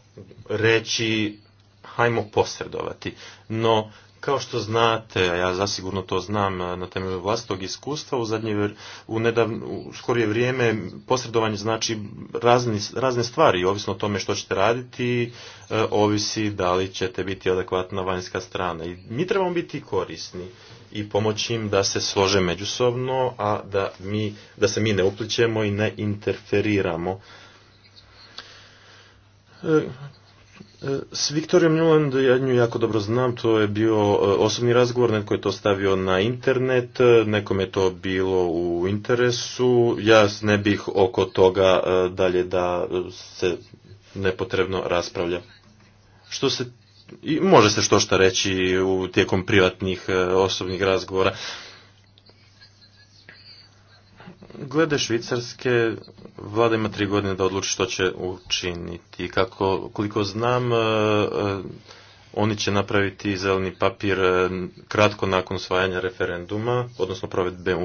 reći hajmo posredovati, no kao što znate, a ja zasigurno to znam na temelju vlastog iskustva, u, zadnje, u, nedavno, u skorije vrijeme posredovanje znači razne stvari, ovisno o tome što ćete raditi, e, ovisi da li ćete biti adekvatna vanjska strana. I mi trebamo biti korisni i pomoći im da se slože međusobno, a da, mi, da se mi ne uplićemo i ne interferiramo E, e, s Viktorijom Nuland ja nju jako dobro znam, to je bio e, osobni razgovor, netko je to stavio na internet, nekom je to bilo u interesu, ja ne bih oko toga dalje da se nepotrebno raspravlja. Što se, i može se što šta reći u tijekom privatnih osobnih razgovora. Glede Švicarske, vlada ima tri godine da odluči što će učiniti. Kako, koliko znam, e, e, oni će napraviti zeleni papir e, kratko nakon usvajanja referenduma, odnosno provedbe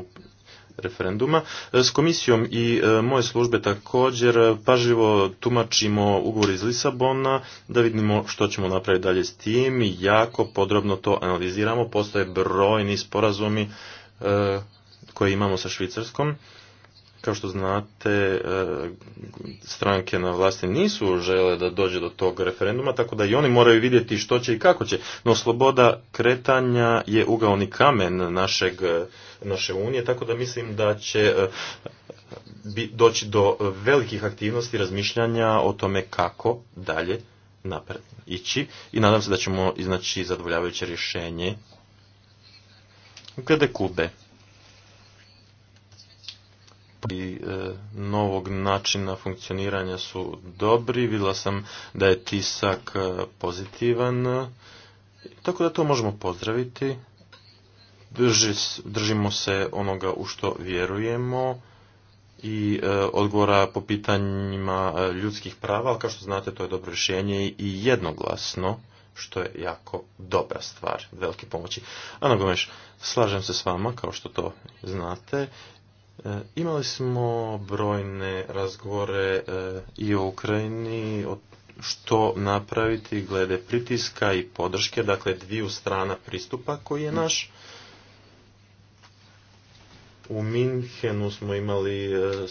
referenduma. S komisijom i moje službe također pažljivo tumačimo ugovor iz Lisabona da vidimo što ćemo napraviti dalje s tim i jako podrobno to analiziramo. Postoje brojni sporazumi koje imamo sa Švicarskom kao što znate, e, stranke na vlasti nisu žele da dođe do tog referenduma, tako da i oni moraju vidjeti što će i kako će. No sloboda kretanja je ugaoni kamen našeg, e, naše unije, tako da mislim da će e, doći do velikih aktivnosti razmišljanja o tome kako dalje napred ići i nadam se da ćemo iznaći zadovoljavajuće rješenje glede Kube i e, novog načina funkcioniranja su dobri. Vidjela sam da je tisak e, pozitivan, e, tako da to možemo pozdraviti. Držimo se onoga u što vjerujemo i odgovora po pitanjima ljudskih prava, ali kao što znate to je dobro rješenje i jednoglasno što je jako dobra stvar, velike pomoći. a Gomeš, slažem se s vama, kao što to znate, E, imali smo brojne razgovore e, i o Ukrajini, što napraviti glede pritiska i podrške, dakle dviju strana pristupa koji je naš. U Minhenu smo imali e,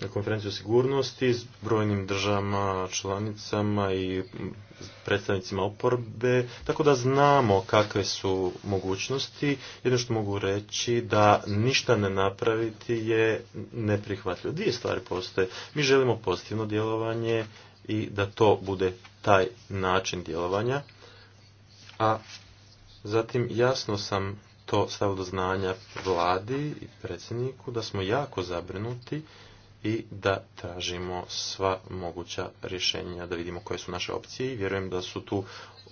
na konferenciju sigurnosti s brojnim državama, članicama i predstavnicima oporbe, tako da znamo kakve su mogućnosti. Jedno što mogu reći da ništa ne napraviti je neprihvatljivo. Dvije stvari postoje. Mi želimo pozitivno djelovanje i da to bude taj način djelovanja. A zatim jasno sam to stavio do znanja vladi i predsjedniku da smo jako zabrinuti i da tražimo sva moguća rješenja, da vidimo koje su naše opcije i vjerujem da su tu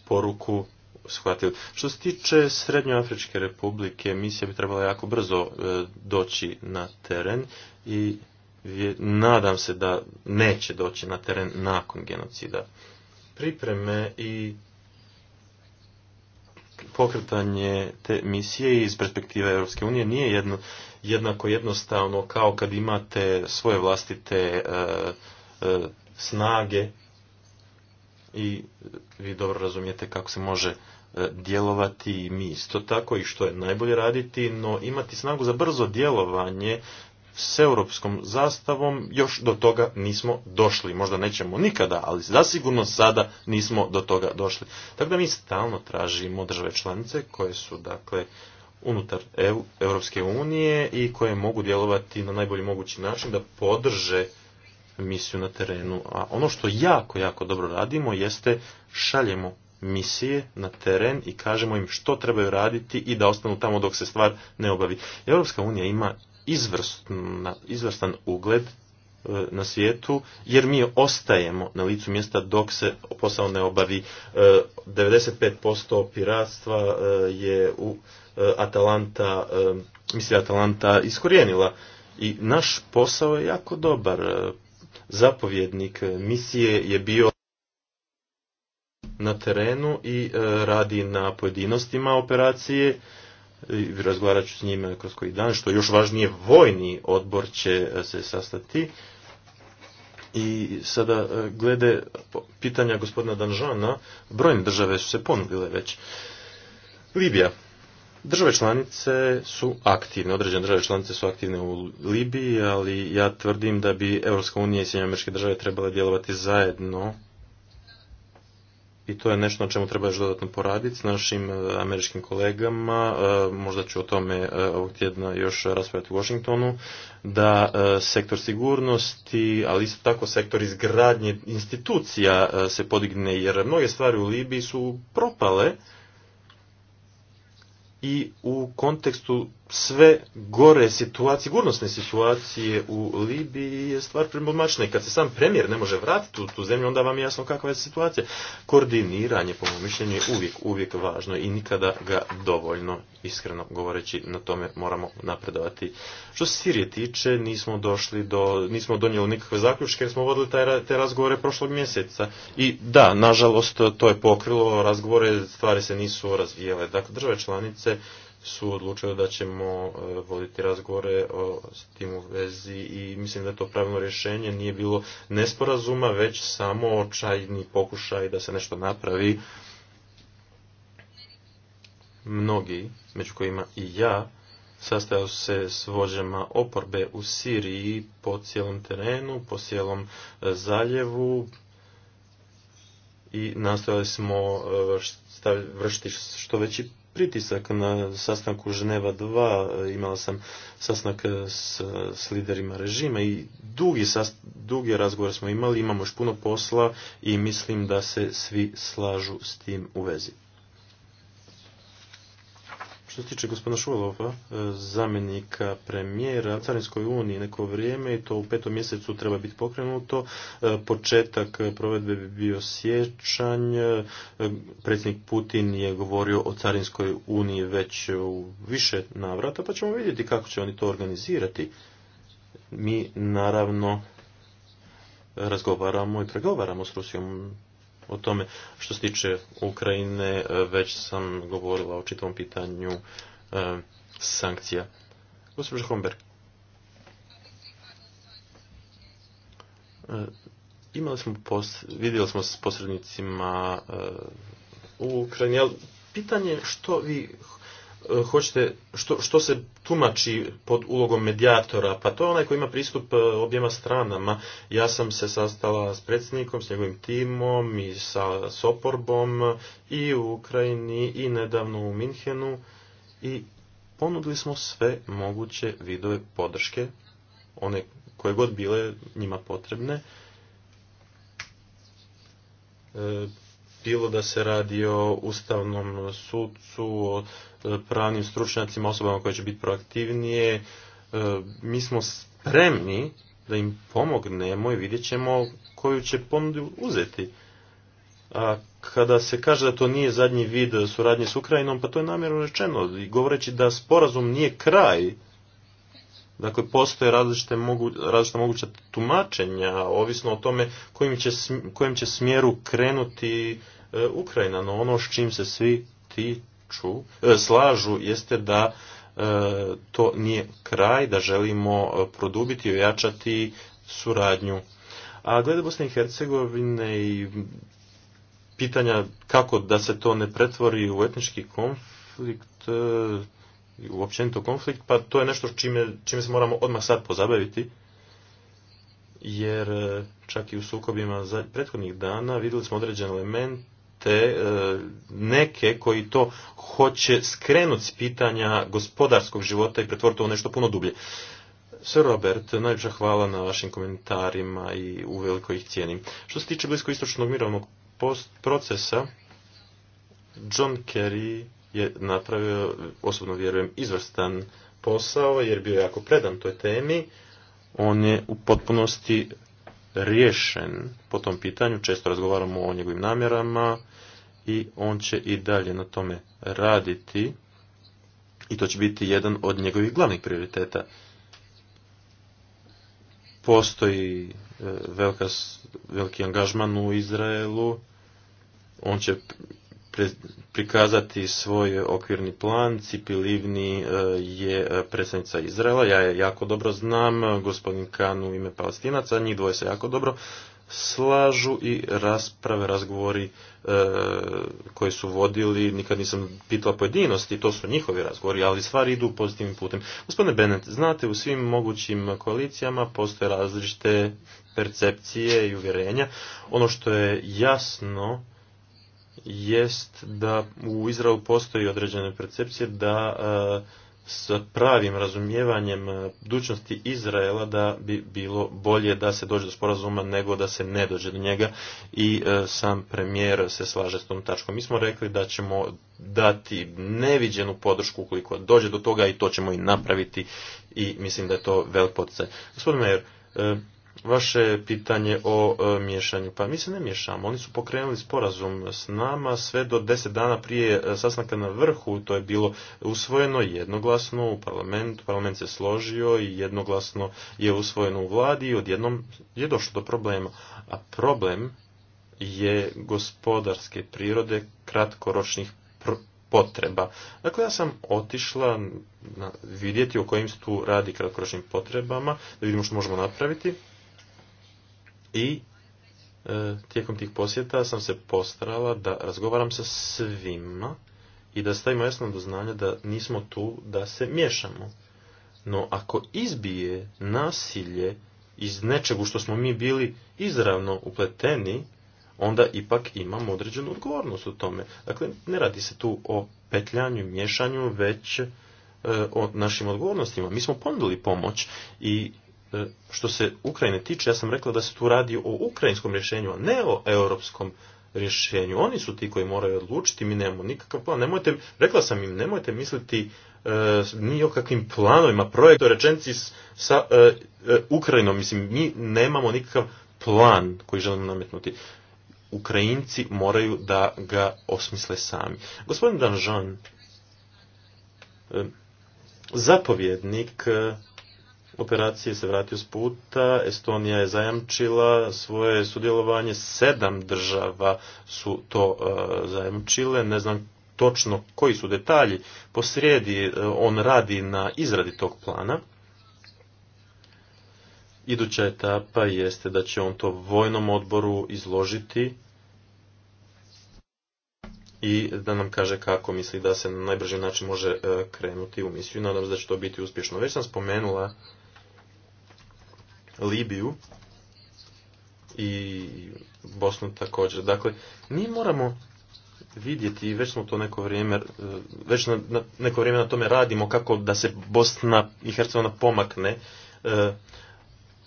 poruku shvatili. Što se tiče Srednjoafričke republike, misija bi trebala jako brzo e, doći na teren i nadam se da neće doći na teren nakon genocida. Pripreme i pokretanje te misije iz perspektive Europske unije nije jedno, jednako jednostavno kao kad imate svoje vlastite e, e, snage i vi dobro razumijete kako se može e, djelovati i mi isto tako i što je najbolje raditi, no imati snagu za brzo djelovanje s europskom zastavom još do toga nismo došli. Možda nećemo nikada, ali zasigurno sada nismo do toga došli. Tako da mi stalno tražimo države članice koje su dakle unutar EU, Europske unije i koje mogu djelovati na najbolji mogući način da podrže misiju na terenu. A ono što jako, jako dobro radimo jeste šaljemo misije na teren i kažemo im što trebaju raditi i da ostanu tamo dok se stvar ne obavi. Europska unija ima izvrstan, izvrstan ugled e, na svijetu, jer mi ostajemo na licu mjesta dok se posao ne obavi. E, 95% piratstva e, je u Eh, Atalanta, eh, misija Atalanta iskorijenila. I naš posao je jako dobar. Eh, zapovjednik misije je bio na terenu i radi na pojedinostima operacije razgovarat ću s njima kroz koji dan, što još važnije, vojni odbor će se sastati. I sada glede pitanja gospodina Danžana, brojne države su se ponudile već. Libija. Države članice su aktivne, određene države članice su aktivne u Libiji, ali ja tvrdim da bi Europska unija i Sjedinjene američke države trebale djelovati zajedno i to je nešto na čemu treba još dodatno poraditi s našim e, američkim kolegama, e, možda ću o tome e, ovog tjedna još raspraviti u Washingtonu, da sektor sigurnosti, ali isto tako sektor izgradnje institucija se podigne, jer mnoge stvari u Libiji su propale, i u kontekstu sve gore situacije, sigurnosne situacije u Libiji je stvar problematična i kad se sam premijer ne može vratiti u tu zemlju, onda vam je jasno kakva je situacija. Koordiniranje, po mojom mišljenju, je uvijek, uvijek važno i nikada ga dovoljno, iskreno govoreći, na tome moramo napredovati. Što se Sirije tiče, nismo došli do, nismo donijeli nikakve zaključke jer smo vodili te razgovore prošlog mjeseca. I da, nažalost, to je pokrilo razgovore, stvari se nisu razvijele. Dakle, države članice su odlučili da ćemo e, voditi razgovore o s tim u vezi i mislim da je to pravno rješenje. Nije bilo nesporazuma, već samo očajni pokušaj da se nešto napravi. Mnogi, među kojima i ja, sastajao se s vođama oporbe u Siriji po cijelom terenu, po cijelom e, zaljevu i nastojali smo e, vršiti što veći pritisak na sastanku Ženeva 2, imala sam sastanak eh, s, s liderima režima i dugi, sast, dugi razgovor smo imali, imamo još puno posla i mislim da se svi slažu s tim u vezi. Što se tiče gospodina Šulova, e, zamjenika premijera Carinskoj uniji neko vrijeme i to u petom mjesecu treba biti pokrenuto. E, početak provedbe bi bio sjećanj. E, predsjednik Putin je govorio o Carinskoj uniji već u više navrata, pa ćemo vidjeti kako će oni to organizirati. Mi naravno razgovaramo i pregovaramo s Rusijom o tome. Što se tiče Ukrajine, e, već sam govorila o čitavom pitanju e, sankcija. Gospođo Homberg, e, imali smo pos, vidjeli smo s posrednicima u Ukrajini, ali pitanje što vi E, hoćete, što, što se tumači pod ulogom medijatora? Pa to je onaj koji ima pristup e, objema stranama. Ja sam se sastala s predsjednikom, s njegovim timom i sa s oporbom i u Ukrajini i nedavno u Minhenu i ponudili smo sve moguće vidove podrške, one koje god bile njima potrebne. E, bilo da se radi o ustavnom sudcu, o e, pravnim stručnjacima, osobama koje će biti proaktivnije. E, mi smo spremni da im pomognemo i vidjet ćemo koju će ponudu uzeti. A kada se kaže da to nije zadnji vid suradnje s Ukrajinom, pa to je namjerno rečeno. I govoreći da sporazum nije kraj, dakle postoje različite mogu, različita moguća tumačenja, ovisno o tome kojim kojem će smjeru krenuti E, Ukrajina, no ono s čim se svi tiču, e, slažu jeste da e, to nije kraj, da želimo produbiti i ojačati suradnju. A glede Bosne i Hercegovine i pitanja kako da se to ne pretvori u etnički konflikt, u općenito konflikt, pa to je nešto čime, čime se moramo odmah sad pozabaviti, jer čak i u sukobima za prethodnih dana vidjeli smo određen element, te e, neke koji to hoće skrenuti s pitanja gospodarskog života i pretvoriti u nešto puno dublje. Sir Robert, najljepša hvala na vašim komentarima i uveliko ih cijenim. Što se tiče bliskoistočnog mirovnog procesa, John Kerry je napravio, osobno vjerujem, izvrstan posao jer bio jako predan toj temi. On je u potpunosti riješen po tom pitanju, često razgovaramo o njegovim namjerama i on će i dalje na tome raditi i to će biti jedan od njegovih glavnih prioriteta. Postoji e, veliki angažman u Izraelu, on će prikazati svoj okvirni plan. Cipi e, je e, predsjednica Izraela, ja je jako dobro znam, gospodin Kan u ime Palestinaca, njih dvoje se jako dobro slažu i rasprave, razgovori e, koje su vodili, nikad nisam pitala pojedinosti, to su njihovi razgovori, ali stvari idu pozitivnim putem. Gospodine Bennett, znate u svim mogućim koalicijama postoje različite percepcije i uvjerenja. Ono što je jasno jest da u Izraelu postoji određene percepcije da e, s pravim razumijevanjem budućnosti e, Izraela da bi bilo bolje da se dođe do sporazuma nego da se ne dođe do njega i e, sam premijer se slaže s tom tačkom. Mi smo rekli da ćemo dati neviđenu podršku ukoliko dođe do toga i to ćemo i napraviti i mislim da je to velik poticaj. Gospodin Majer, vaše pitanje o e, miješanju. Pa mi se ne miješamo. Oni su pokrenuli sporazum s nama sve do deset dana prije e, sastanka na vrhu. To je bilo usvojeno jednoglasno u parlamentu. Parlament se složio i jednoglasno je usvojeno u vladi i odjednom je došlo do problema. A problem je gospodarske prirode kratkoročnih potreba. Dakle, ja sam otišla vidjeti o kojim se tu radi kratkoročnim potrebama, da vidimo što možemo napraviti i e, tijekom tih posjeta sam se postarala da razgovaram sa svima i da stavimo jasno do znanja da nismo tu da se miješamo. No ako izbije nasilje iz nečeg u što smo mi bili izravno upleteni, onda ipak imamo određenu odgovornost u tome. Dakle, ne radi se tu o petljanju, miješanju, već e, o našim odgovornostima. Mi smo ponudili pomoć i E, što se Ukrajine tiče, ja sam rekla da se tu radi o ukrajinskom rješenju, a ne o europskom rješenju. Oni su ti koji moraju odlučiti, mi nemamo nikakav plan. Nemojte, rekla sam im, nemojte misliti e, ni o kakvim planovima, projektu, rečenci sa e, Ukrajinom. Mislim, mi nemamo nikakav plan koji želimo nametnuti. Ukrajinci moraju da ga osmisle sami. Gospodin Danžan, zapovjednik operacije se vratio s puta. Estonija je zajamčila svoje sudjelovanje. Sedam država su to e, zajamčile. Ne znam točno koji su detalji. Posrijedi e, on radi na izradi tog plana. Iduća etapa jeste da će on to vojnom odboru izložiti i da nam kaže kako misli da se na najbrži način može e, krenuti u misiju. Nadam se da će to biti uspješno. Već sam spomenula Libiju i Bosnu također. Dakle, mi moramo vidjeti, već smo to neko vrijeme, e, već na, neko vrijeme na tome radimo kako da se Bosna i Hercegovina pomakne. E,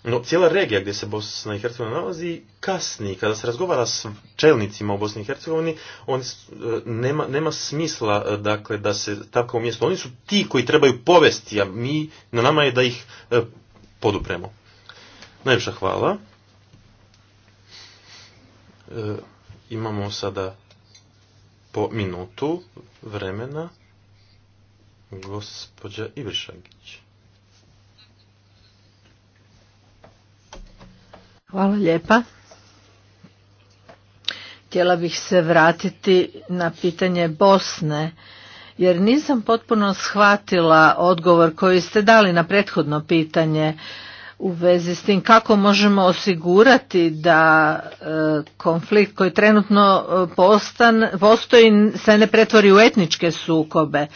no, cijela regija gdje se Bosna i Hercegovina nalazi kasni. Kada se razgovara s čelnicima u Bosni i Hercegovini, oni e, nema, nema smisla dakle, da se tako mjesto. Oni su ti koji trebaju povesti, a mi, na nama je da ih podupremo. Najljepša hvala. E, imamo sada po minutu vremena gospođa Ivršagić. Hvala lijepa. Htjela bih se vratiti na pitanje Bosne, jer nisam potpuno shvatila odgovor koji ste dali na prethodno pitanje u vezi s tim kako možemo osigurati da e, konflikt koji trenutno e, postan, postoji se ne pretvori u etničke sukobe. E,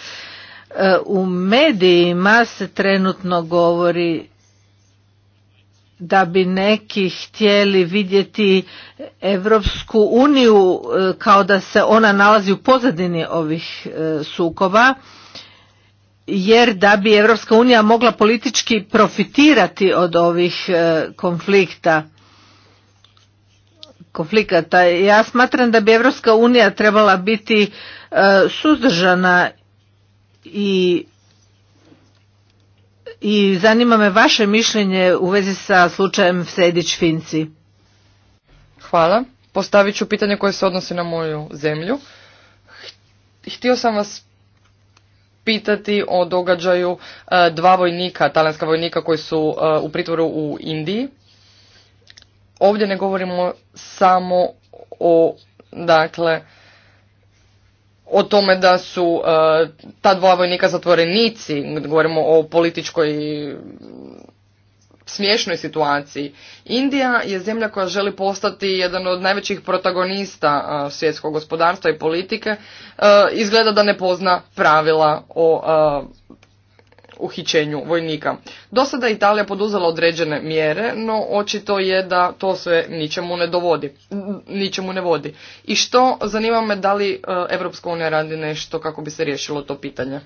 u medijima se trenutno govori da bi neki htjeli vidjeti Europsku uniju kao da se ona nalazi u pozadini ovih sukoba jer da bi Europska unija mogla politički profitirati od ovih e, konflikta konflikata. Ja smatram da bi Europska unija trebala biti e, suzdržana i i zanima me vaše mišljenje u vezi sa slučajem Sedić Finci. Hvala. Postavit ću pitanje koje se odnosi na moju zemlju. Htio sam vas pitati o događaju e, dva vojnika, talijanska vojnika koji su e, u pritvoru u Indiji. Ovdje ne govorimo samo o, dakle, o tome da su e, ta dva vojnika zatvorenici, govorimo o političkoj smiješnoj situaciji. Indija je zemlja koja želi postati jedan od najvećih protagonista svjetskog gospodarstva i politike. E, izgleda da ne pozna pravila o e, uhićenju vojnika. Do sada je Italija poduzela određene mjere, no očito je da to sve ničemu ne dovodi, ničemu ne vodi. I što zanima me da li e, Evropska unija radi nešto kako bi se riješilo to pitanje?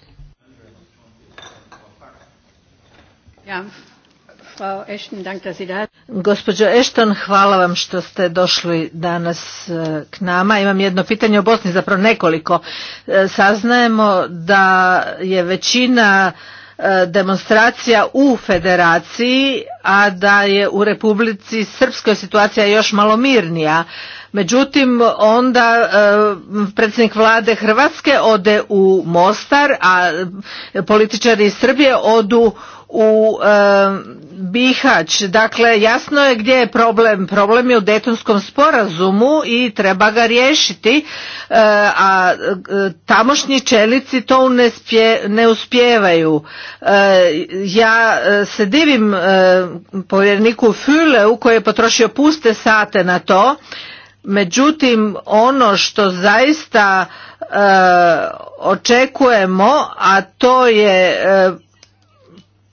Gospođo Ešton, hvala vam što ste došli danas e, k nama. Imam jedno pitanje o Bosni, zapravo nekoliko. E, saznajemo da je većina e, demonstracija u federaciji, a da je u Republici Srpskoj situacija još malo mirnija. Međutim, onda predsjednik vlade Hrvatske ode u Mostar, a političari iz Srbije odu u Bihać. Dakle, jasno je gdje je problem. Problem je u Detonskom sporazumu i treba ga riješiti, e, a e, tamošnji čelici to ne uspijevaju. E, ja se divim povjerniku u koji je potrošio puste sate na to, međutim ono što zaista očekujemo a to je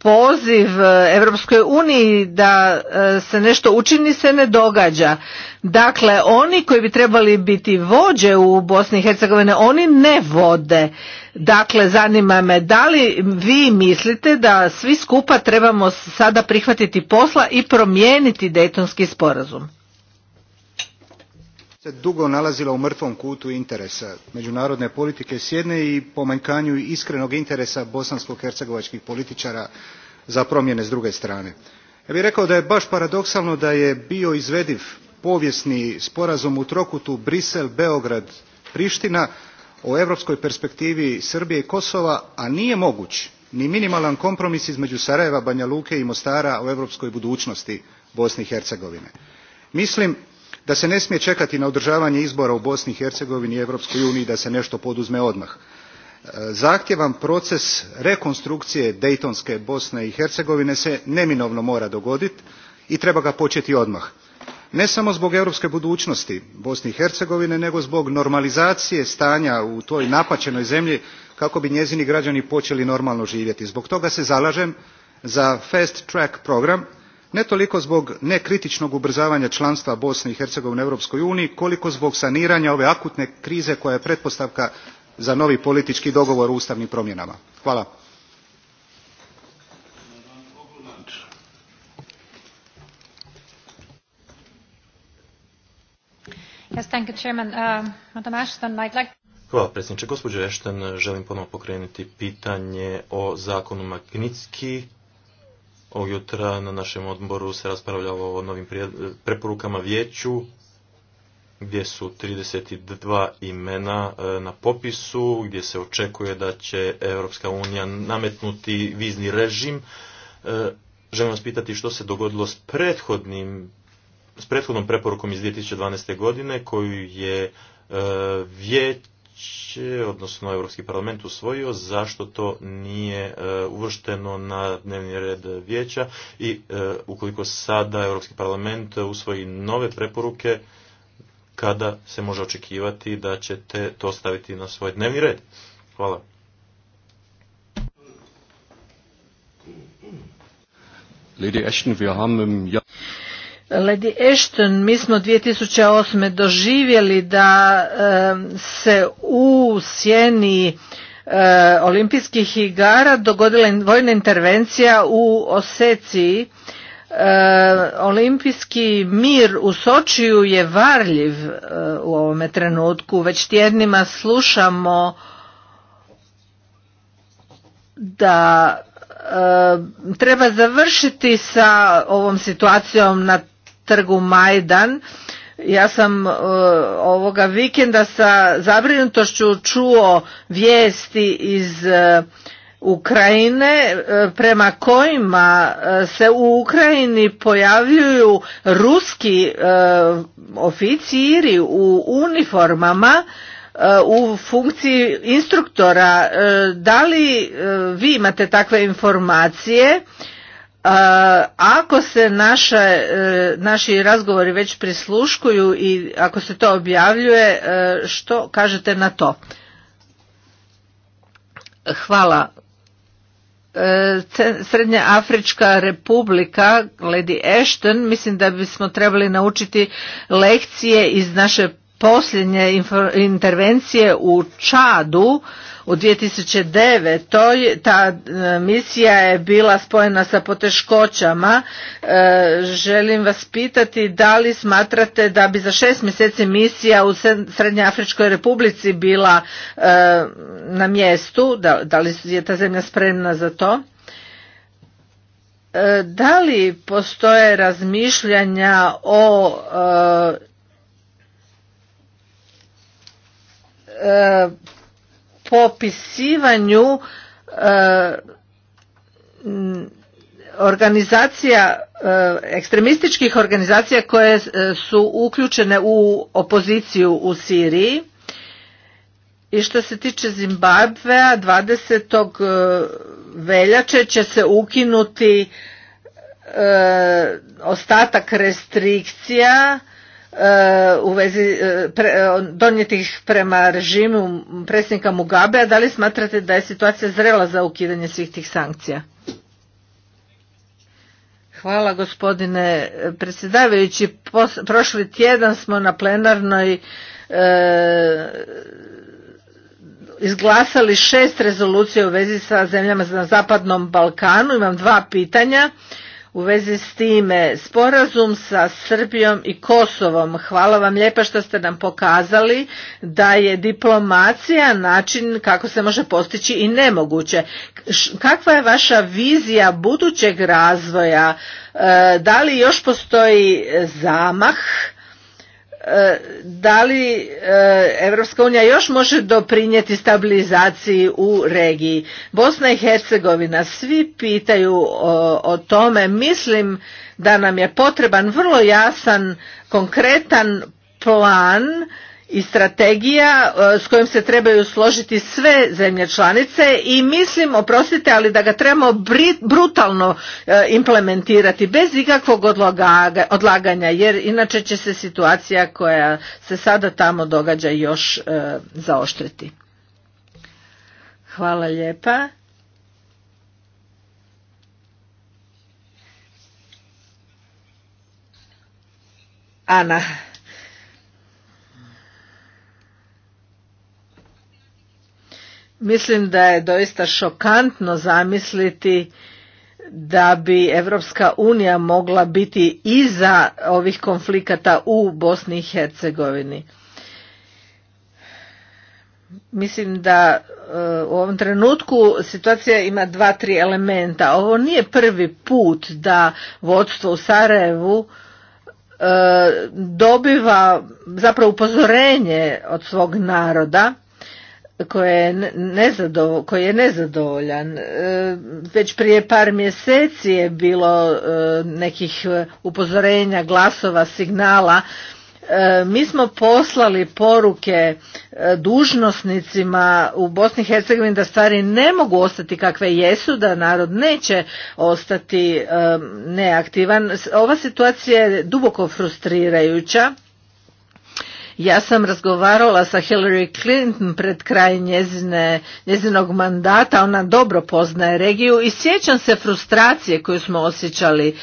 poziv Europskoj uniji da e, se nešto učini se ne događa. Dakle, oni koji bi trebali biti vođe u Bosni i Hercegovine, oni ne vode. Dakle, zanima me da li vi mislite da svi skupa trebamo sada prihvatiti posla i promijeniti Dejtonski sporazum? se dugo nalazila u mrtvom kutu interesa međunarodne politike s jedne i pomanjkanju iskrenog interesa bosansko hercegovačkih političara za promjene s druge strane. ja bih rekao da je baš paradoksalno da je bio izvediv povijesni sporazum u trokutu bruxelles beograd priština o europskoj perspektivi srbije i kosova a nije moguć ni minimalan kompromis između sarajeva banja luke i mostara o europskoj budućnosti bosne i hercegovine. mislim da se ne smije čekati na održavanje izbora u bosni i hercegovini i europskoj uniji da se nešto poduzme odmah zahtjevan proces rekonstrukcije daytonske bosne i hercegovine se neminovno mora dogoditi i treba ga početi odmah ne samo zbog europske budućnosti bosne i hercegovine nego zbog normalizacije stanja u toj napaćenoj zemlji kako bi njezini građani počeli normalno živjeti. zbog toga se zalažem za fast track program ne toliko zbog nekritičnog ubrzavanja članstva bosne i hercegovine u europskoj uniji koliko zbog saniranja ove akutne krize koja je pretpostavka za novi politički dogovor o ustavnim promjenama. hvala. Uh, hvala predsjedniče. Gospođo Ešten, želim ponovno pokrenuti pitanje o zakonu Magnitski. Ovog jutra na našem odboru se raspravljalo o novim preporukama vijeću gdje su 32 imena e, na popisu, gdje se očekuje da će Europska unija nametnuti vizni režim. E, želim vas pitati što se dogodilo s prethodnim s prethodnom preporukom iz 2012. godine koju je e, vijeće, odnosno Europski parlament usvojio, zašto to nije uvršteno na dnevni red vijeća i ukoliko sada Europski parlament usvoji nove preporuke, kada se može očekivati da ćete to staviti na svoj dnevni red. Hvala. Lady Ashton, wir haben im Lady mi smo 2008. doživjeli da se u sjeni olimpijskih igara dogodila vojna intervencija u Oseciji E, olimpijski mir u Sočiju je varljiv e, u ovome trenutku. Već tjednima slušamo da e, treba završiti sa ovom situacijom na trgu Majdan. Ja sam ovoga vikenda sa zabrinutošću čuo vijesti iz Ukrajine e, prema kojima e, se u Ukrajini pojavljuju ruski e, oficiri u uniformama u funkciji instruktora da li vi imate takve informacije ako se naši razgovori već prisluškuju i ako se to objavljuje što kažete na to hvala E, Srednja Afrička republika, Lady Ashton, mislim da bismo trebali naučiti lekcije iz naše posljednje intervencije u Čadu, u 2009. ta e, misija je bila spojena sa poteškoćama. E, želim vas pitati da li smatrate da bi za šest mjeseci misija u Srednjoafričkoj republici bila e, na mjestu? Da li je ta zemlja spremna za to? Da li postoje razmišljanja o popisivanju e, organizacija e, ekstremističkih organizacija koje e, su uključene u opoziciju u Siriji i što se tiče Zimbabvea 20. veljače će se ukinuti ostatak restrikcija E, u vezi e, e, donijetih prema režimu predsjednika Mugabe, a da li smatrate da je situacija zrela za ukidanje svih tih sankcija? Hvala gospodine predsjedavajući. prošli tjedan smo na plenarnoj izglasali šest rezolucija u vezi sa zemljama na Zapadnom Balkanu. Imam dva pitanja u vezi s time sporazum sa Srbijom i Kosovom. Hvala vam lijepa što ste nam pokazali da je diplomacija način kako se može postići i nemoguće. Kakva je vaša vizija budućeg razvoja? E, da li još postoji zamah? da li Europska eh, unija još može doprinijeti stabilizaciji u regiji. Bosna i Hercegovina svi pitaju o tome, mislim da nam je potreban vrlo jasan, konkretan plan i strategija e, s kojom se trebaju složiti sve zemlje članice i mislim, oprostite, ali da ga trebamo brutalno e, implementirati bez ikakvog odlaganja jer inače će se situacija koja se sada tamo događa još e, zaoštriti. Hvala lijepa. Ana. Mislim da je doista šokantno zamisliti da bi Evropska unija mogla biti iza ovih konflikata u Bosni i Hercegovini. Mislim da e, u ovom trenutku situacija ima dva, tri elementa. Ovo nije prvi put da vodstvo u Sarajevu e, dobiva zapravo upozorenje od svog naroda koje koji je nezadovoljan. E, već prije par mjeseci je bilo e, nekih upozorenja, glasova, signala. E, mi smo poslali poruke dužnosnicima u Bosni i Hercegovini da stvari ne mogu ostati kakve jesu, da narod neće ostati neaktivan. Ova situacija je duboko frustrirajuća ja sam razgovarala sa Hillary Clinton pred kraj njezinog mandata, ona dobro poznaje regiju i sjećam se frustracije koju smo osjećali e,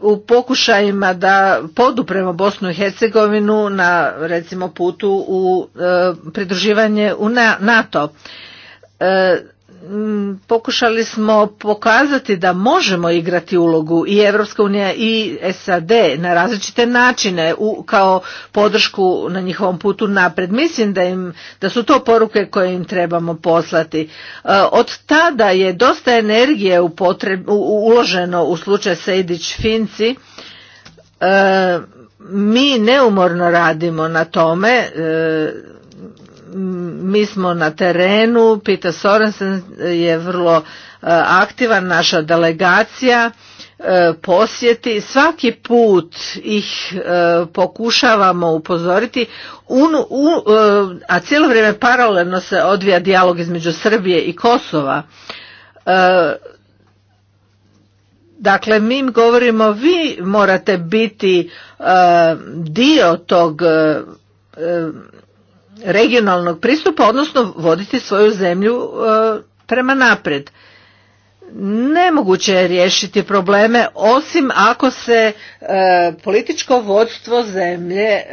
u pokušajima da podupremo Bosnu i Hercegovinu na recimo putu u e, pridruživanje u NATO. E, Mm, pokušali smo pokazati da možemo igrati ulogu i Europska unija i SAD na različite načine u, kao podršku na njihovom putu napred. Mislim da, im, da su to poruke koje im trebamo poslati. E, od tada je dosta energije u u, uloženo u slučaj Sejdić-Finci. E, mi neumorno radimo na tome, e, mi smo na terenu, Peter Sorensen je vrlo e, aktivan, naša delegacija e, posjeti, svaki put ih e, pokušavamo upozoriti, a cijelo vrijeme paralelno se odvija dijalog između Srbije i Kosova. Dakle, mi im govorimo, vi morate biti dio tog regionalnog pristupa, odnosno voditi svoju zemlju e, prema naprijed. Nemoguće je riješiti probleme osim ako se e, političko vodstvo zemlje e,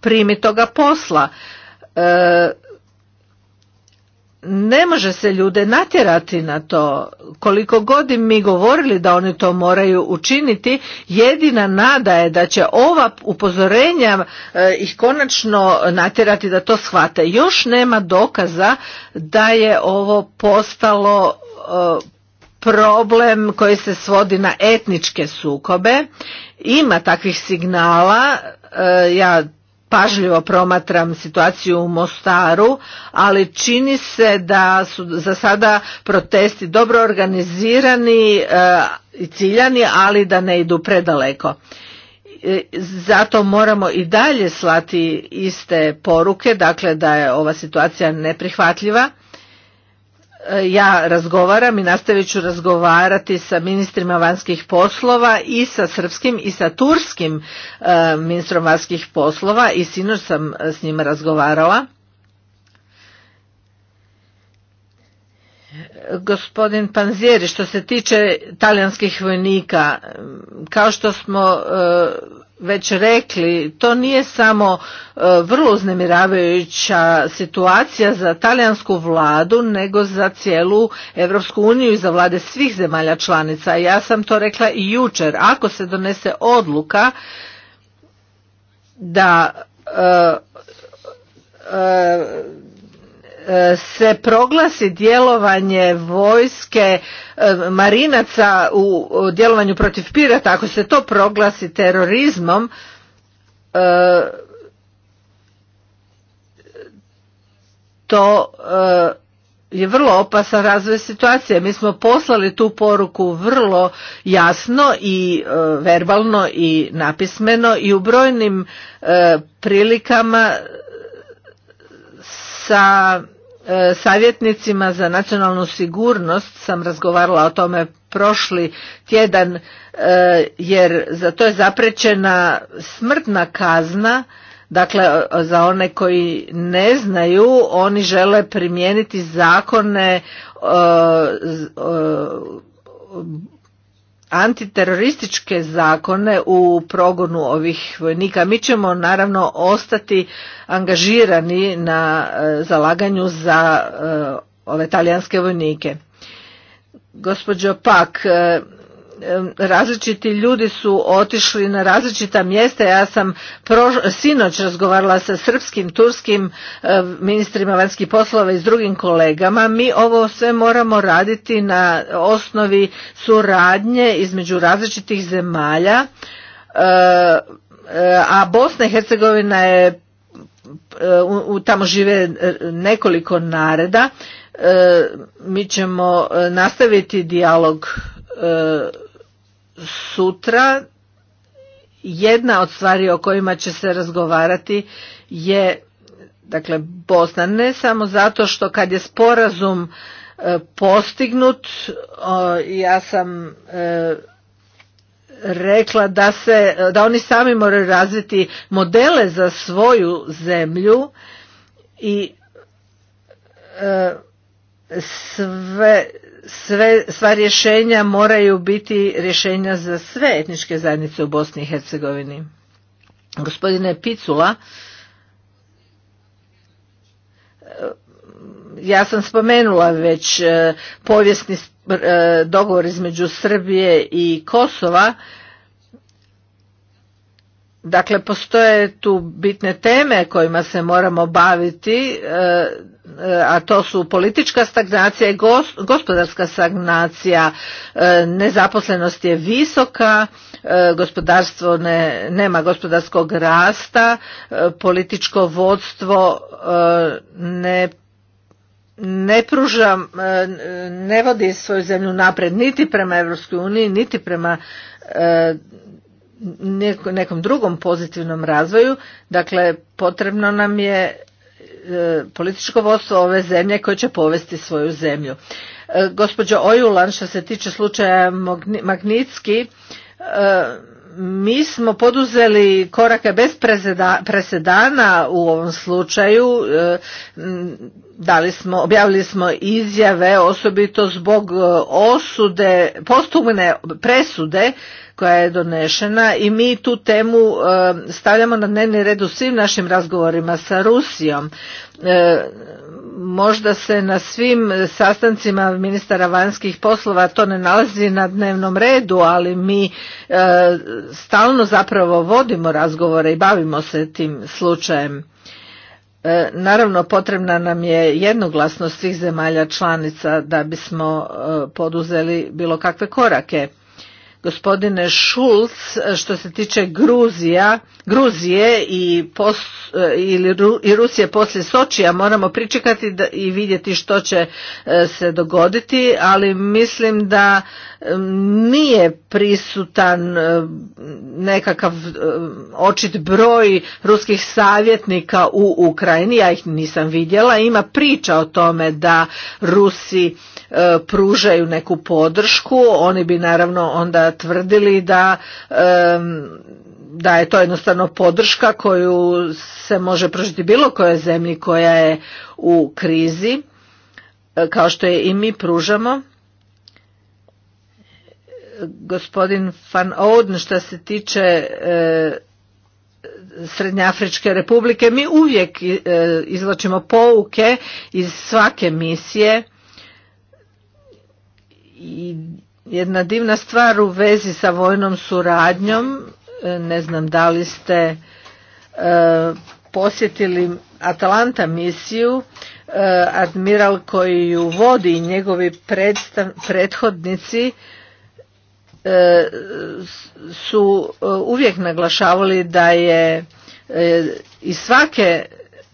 primi toga posla ne može se ljude natjerati na to. Koliko god im mi govorili da oni to moraju učiniti, jedina nada je da će ova upozorenja e, ih konačno natjerati da to shvate. Još nema dokaza da je ovo postalo e, problem koji se svodi na etničke sukobe. Ima takvih signala, e, ja pažljivo promatram situaciju u Mostaru, ali čini se da su za sada protesti dobro organizirani eh, i ciljani, ali da ne idu predaleko. Zato moramo i dalje slati iste poruke, dakle da je ova situacija neprihvatljiva E, ja razgovaram i nastavit ću razgovarati sa ministrima vanjskih poslova i sa srpskim i sa turskim e, ministrom vanjskih poslova i sinoć sam e, s njima razgovarala. Gospodin Panzieri, što se tiče talijanskih vojnika, kao što smo već rekli, to nije samo e, vrlo uznemiravajuća situacija za talijansku vladu, nego za cijelu Europsku uniju i za vlade svih zemalja članica. Ja sam to rekla i jučer. Ako se donese odluka da e, e, E, se proglasi djelovanje vojske e, marinaca u djelovanju protiv pirata, ako se to proglasi terorizmom, e, to je vrlo opasan razvoj situacije. Mi smo poslali tu poruku vrlo jasno i verbalno i napismeno i u brojnim prilikama sa E, savjetnicima za nacionalnu sigurnost sam razgovarala o tome prošli tjedan e, jer za to je zaprečena smrtna kazna dakle za one koji ne znaju oni žele primijeniti zakone e, antiterorističke zakone u progonu ovih vojnika. Mi ćemo naravno ostati angažirani na e, zalaganju za e, ove talijanske vojnike. Gospođo Pak, e, različiti ljudi su otišli na različita mjesta. Ja sam sinoć razgovarala sa srpskim, turskim ministrima vanjskih poslova i s drugim kolegama. Mi ovo sve moramo raditi na osnovi suradnje između različitih zemalja. A Bosna i Hercegovina je tamo žive nekoliko nareda. Mi ćemo nastaviti dijalog sutra jedna od stvari o kojima će se razgovarati je dakle Bosna ne samo zato što kad je sporazum e, postignut ja sam e, rekla da se da oni sami moraju razviti modele za svoju zemlju i e, sve sve, sva rješenja moraju biti rješenja za sve etničke zajednice u Bosni i Hercegovini. Gospodine Picula, ja sam spomenula već e, povijesni e, dogovor između Srbije i Kosova Dakle, postoje tu bitne teme kojima se moramo baviti, e, e, a to su politička stagnacija i gospodarska stagnacija. E, nezaposlenost je visoka, gospodarstvo ne, nema gospodarskog rasta, političko vodstvo ne ne pruža, ne vodi svoju zemlju napred niti prema Europskoj uniji, niti prema nekom drugom pozitivnom razvoju dakle potrebno nam je e, političko vodstvo ove zemlje koje će povesti svoju zemlju e, gospođo Ojulan što se tiče slučaja Magnitski e, mi smo poduzeli korake bez presedana u ovom slučaju e, dali smo objavili smo izjave osobito zbog e, osude postupne presude koja je donešena i mi tu temu e, stavljamo na dnevni red u svim našim razgovorima sa Rusijom možda se na svim sastancima ministara vanjskih poslova to ne nalazi na dnevnom redu, ali mi e, stalno zapravo vodimo razgovore i bavimo se tim slučajem. E, naravno potrebna nam je jednoglasnost svih zemalja članica da bismo e, poduzeli bilo kakve korake gospodine Šulc što se tiče Gruzija, Gruzije i, pos, e, ili i Rusije poslije Sočija moramo pričekati da, i vidjeti što će e, se dogoditi, ali mislim da e, nije prisutan nekakav očit broj ruskih savjetnika u Ukrajini, ja ih nisam vidjela, ima priča o tome da Rusi E, pružaju neku podršku oni bi naravno onda tvrdili da da je to jednostavno podrška koju se može pružiti bilo kojoj zemlji koja je u krizi e, kao što je i mi pružamo gospodin Van Ouden što se tiče e, Srednjeafričke republike mi uvijek izvlačimo pouke iz svake misije i jedna divna stvar u vezi sa vojnom suradnjom, e, ne znam da li ste e, posjetili Atalanta misiju, e, admiral koji ju vodi i njegovi predstav, prethodnici e, su uvijek naglašavali da je i svake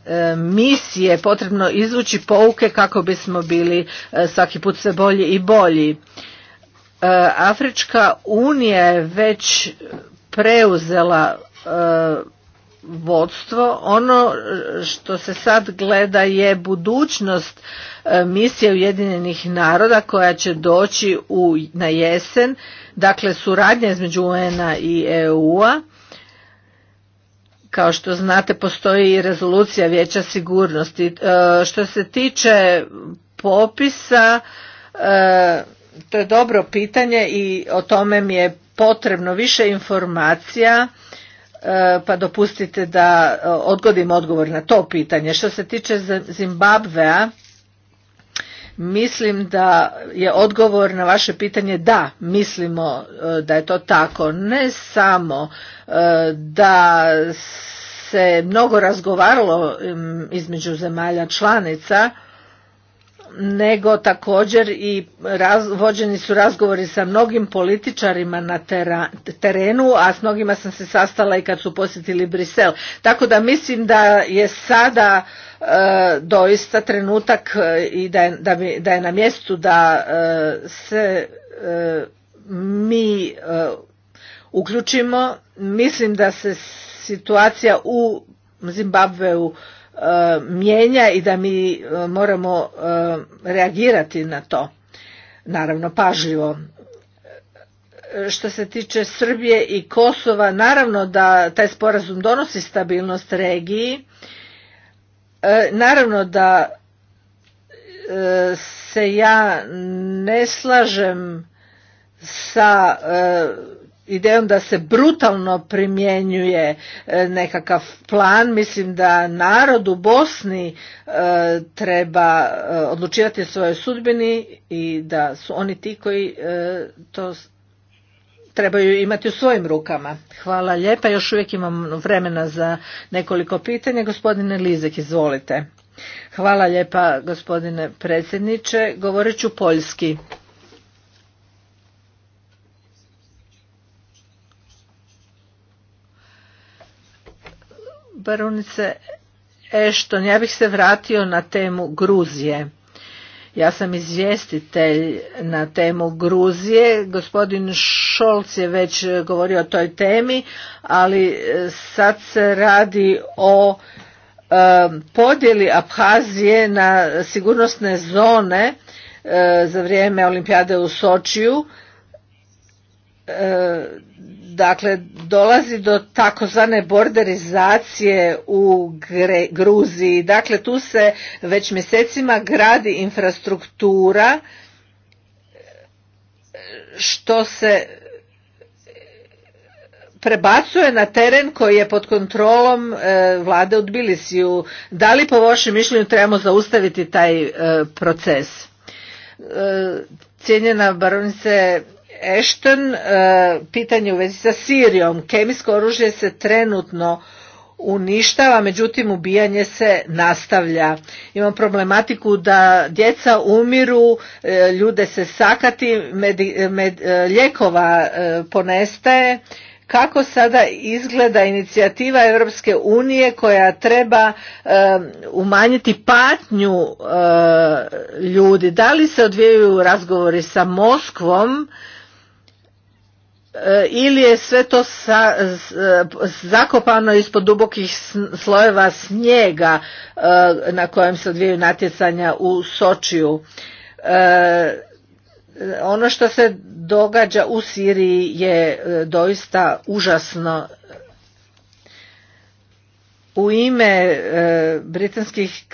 E, misije potrebno izvući pouke kako bismo bili e, svaki put sve bolji i bolji. E, Afrička unija je već preuzela vodstvo. Ono što se sad gleda je budućnost misije Ujedinjenih naroda koja će doći u, na jesen, dakle suradnja između UN-a i EU-a kao što znate, postoji i rezolucija vijeća sigurnosti. E, što se tiče popisa, e, to je dobro pitanje i o tome mi je potrebno više informacija e, pa dopustite da odgodim odgovor na to pitanje. Što se tiče Zimbabvea, Mislim da je odgovor na vaše pitanje da, mislimo e, da je to tako. Ne samo e, da se mnogo razgovaralo između zemalja članica, nego također i vođeni su razgovori sa mnogim političarima na terenu, a s mnogima sam se sastala i kad su posjetili Brisel. Tako da mislim da je sada e, doista trenutak e, i da je, da, je na mjestu da e, se mi uključimo. Mislim da se situacija u Zimbabveu E, mijenja i da mi e, moramo e, reagirati na to. Naravno, pažljivo. Što se tiče Srbije i Kosova, naravno da taj sporazum donosi stabilnost regiji. Naravno da se ja ne slažem sa idejom da se brutalno primjenjuje e, nekakav plan mislim da narod u Bosni e, treba e, odlučivati o svojoj sudbini i da su oni ti koji to trebaju imati u svojim rukama. Hvala lijepa. Još uvijek imam vremena za nekoliko pitanja. Gospodine Lizek, izvolite. Hvala lijepa gospodine predsjedniče. Govorit ću poljski. Barunice Ešton, ja bih se vratio na temu Gruzije. Ja sam izvjestitelj na temu Gruzije. Gospodin Šolc je već govorio o toj temi, ali e, sad se radi o e, podjeli Abhazije na sigurnosne zone e, za vrijeme olimpijade u Sočiju. Dakle, dolazi do takozvane borderizacije u Gruziji. Dakle, tu se već mjesecima gradi infrastruktura što se prebacuje na teren koji je pod kontrolom e, vlade u Tbilisiju. Da li po vašem mišljenju trebamo zaustaviti taj e, proces? E, cijenjena baronice Ashton, e, pitanje u vezi sa Sirijom. Kemijsko oružje se trenutno uništava, međutim ubijanje se nastavlja. Imam problematiku da djeca umiru, e, ljude se sakati, med, e, ljekova ponestaje. Kako sada izgleda inicijativa Europske unije koja treba umanjiti patnju ljudi? Da li se odvijaju razgovori sa Moskvom? E, ili je sve to e, zakopano ispod dubokih slojeva snijega e, na kojem se odvijaju natjecanja u Sočiju. Ono što se događa u Siriji je doista užasno. U ime britanskih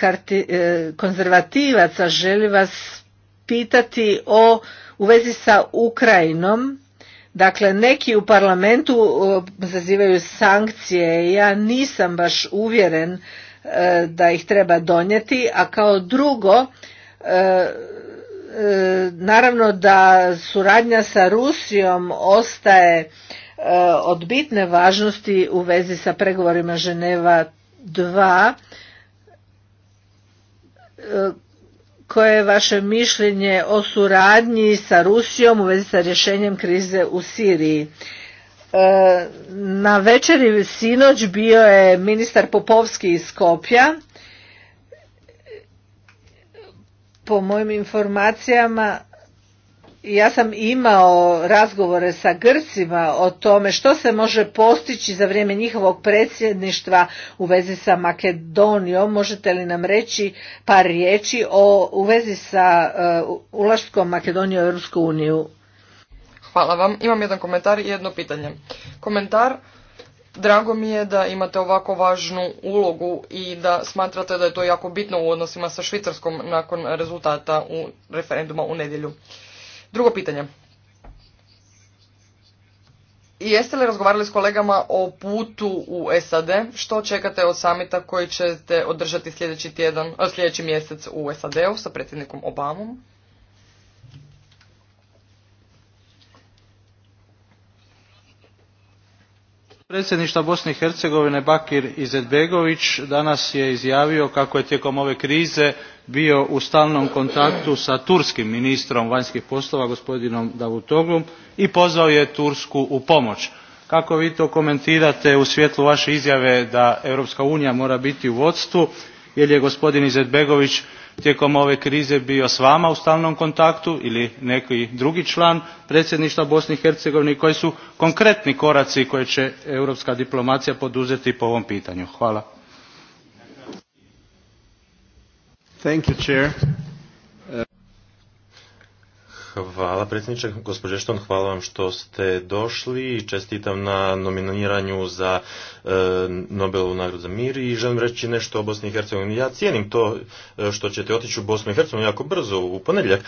konzervativaca želim vas pitati o u vezi sa Ukrajinom Dakle, neki u parlamentu e, zazivaju sankcije. Ja nisam baš uvjeren e, da ih treba donijeti, a kao drugo, e, naravno da suradnja sa Rusijom ostaje od bitne važnosti u vezi sa pregovorima Ženeva 2 koje je vaše mišljenje o suradnji sa Rusijom u vezi sa rješenjem krize u Siriji. E, na večeri sinoć bio je ministar Popovski iz Skopja. Po mojim informacijama ja sam imao razgovore sa Grcima o tome što se može postići za vrijeme njihovog predsjedništva u vezi sa Makedonijom. Možete li nam reći par riječi o, u vezi sa uh, ulaskom Makedonije u Europsku uniju? Hvala vam. Imam jedan komentar i jedno pitanje. Komentar, drago mi je da imate ovako važnu ulogu i da smatrate da je to jako bitno u odnosima sa Švicarskom nakon rezultata u referenduma u nedjelju. Drugo pitanje. Jeste li razgovarali s kolegama o putu u SAD? Što čekate od samita koji ćete održati sljedeći, tjedan, sljedeći mjesec u SAD-u sa predsjednikom Obamom? predsjedništva bosne i hercegovine bakir izetbegović danas je izjavio kako je tijekom ove krize bio u stalnom kontaktu sa turskim ministrom vanjskih poslova gospodinom davutoglum i pozvao je tursku u pomoć. kako vi to komentirate u svjetlu vaše izjave da europska unija mora biti u vodstvu jer je gospodin izetbegović tijekom ove krize bio s vama u stalnom kontaktu ili neki drugi član predsjedništva bosne i hercegovine koji su konkretni koraci koje će europska diplomacija poduzeti po ovom pitanju? hvala. Hvala predsjedniče, gospođe Šton, hvala vam što ste došli i čestitam na nominiranju za e, Nobelovu nagradu za mir i želim reći nešto o Bosni i Hercegovini. Ja cijenim to e, što ćete otići u Bosnu i Hercegovini jako brzo u ponedjeljak,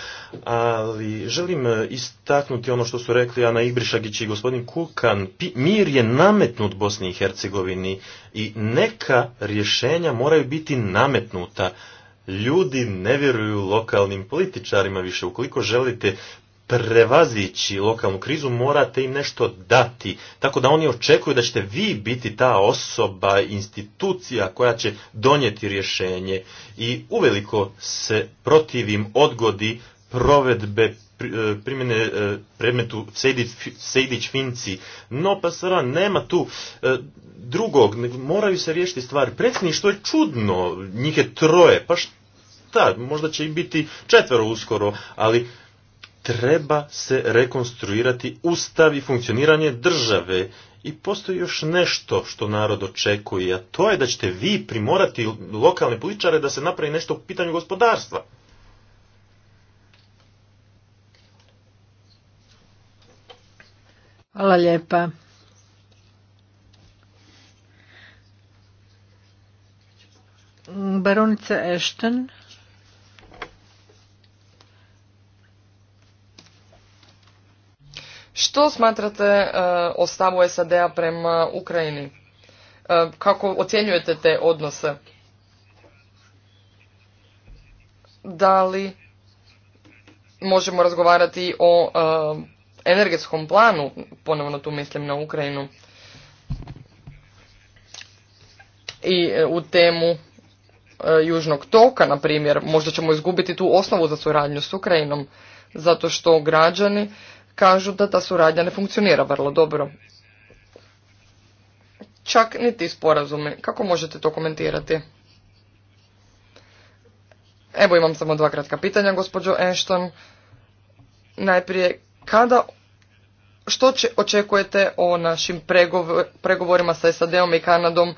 ali želim e, istaknuti ono što su rekli Ana Ibrišagić i gospodin Kukan. Mir je nametnut Bosni i Hercegovini i neka rješenja moraju biti nametnuta ljudi ne vjeruju lokalnim političarima više. Ukoliko želite prevazići lokalnu krizu, morate im nešto dati. Tako da oni očekuju da ćete vi biti ta osoba, institucija koja će donijeti rješenje. I uveliko se protivim odgodi provedbe e, primjene e, predmetu Sejdić-Finci. No, pa nema tu e, drugog, moraju se riješiti stvari. što je čudno, njih je troje, pa šta, možda će i biti četvero uskoro, ali treba se rekonstruirati ustav i funkcioniranje države. I postoji još nešto što narod očekuje, a to je da ćete vi primorati lokalne političare da se napravi nešto u pitanju gospodarstva. Hvala lijepa. Baronica Ashton. Što smatrate e, o stavu SAD-a prema Ukrajini? E, kako ocjenjujete te odnose? Da li možemo razgovarati o e, energetskom planu, ponovno tu mislim na Ukrajinu, i e, u temu e, Južnog toka, na primjer, možda ćemo izgubiti tu osnovu za suradnju s Ukrajinom, zato što građani kažu da ta suradnja ne funkcionira vrlo dobro. Čak ni ti sporazume. Kako možete to komentirati? Evo imam samo dva kratka pitanja, gospođo Ashton. Najprije, kada što očekujete o našim pregovorima sa SAD-om i Kanadom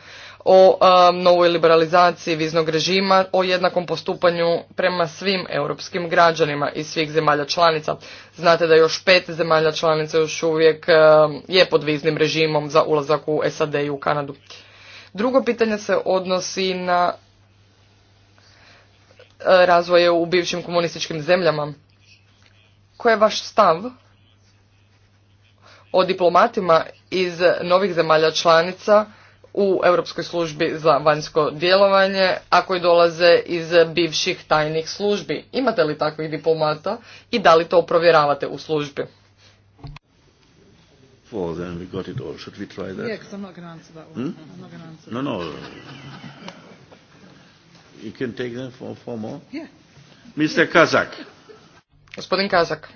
o um, novoj liberalizaciji viznog režima, o jednakom postupanju prema svim europskim građanima iz svih zemalja članica. Znate da još pet zemalja članica još uvijek um, je pod viznim režimom za ulazak u SAD i u Kanadu. Drugo pitanje se odnosi na uh, razvoje u bivšim komunističkim zemljama koji je vaš stav o diplomatima iz novih zemalja članica u Europskoj službi za vanjsko djelovanje, a koji dolaze iz bivših tajnih službi? Imate li takvih diplomata i da li to provjeravate u službi? Mr. Hmm? Kazak. Gospodin Kazak.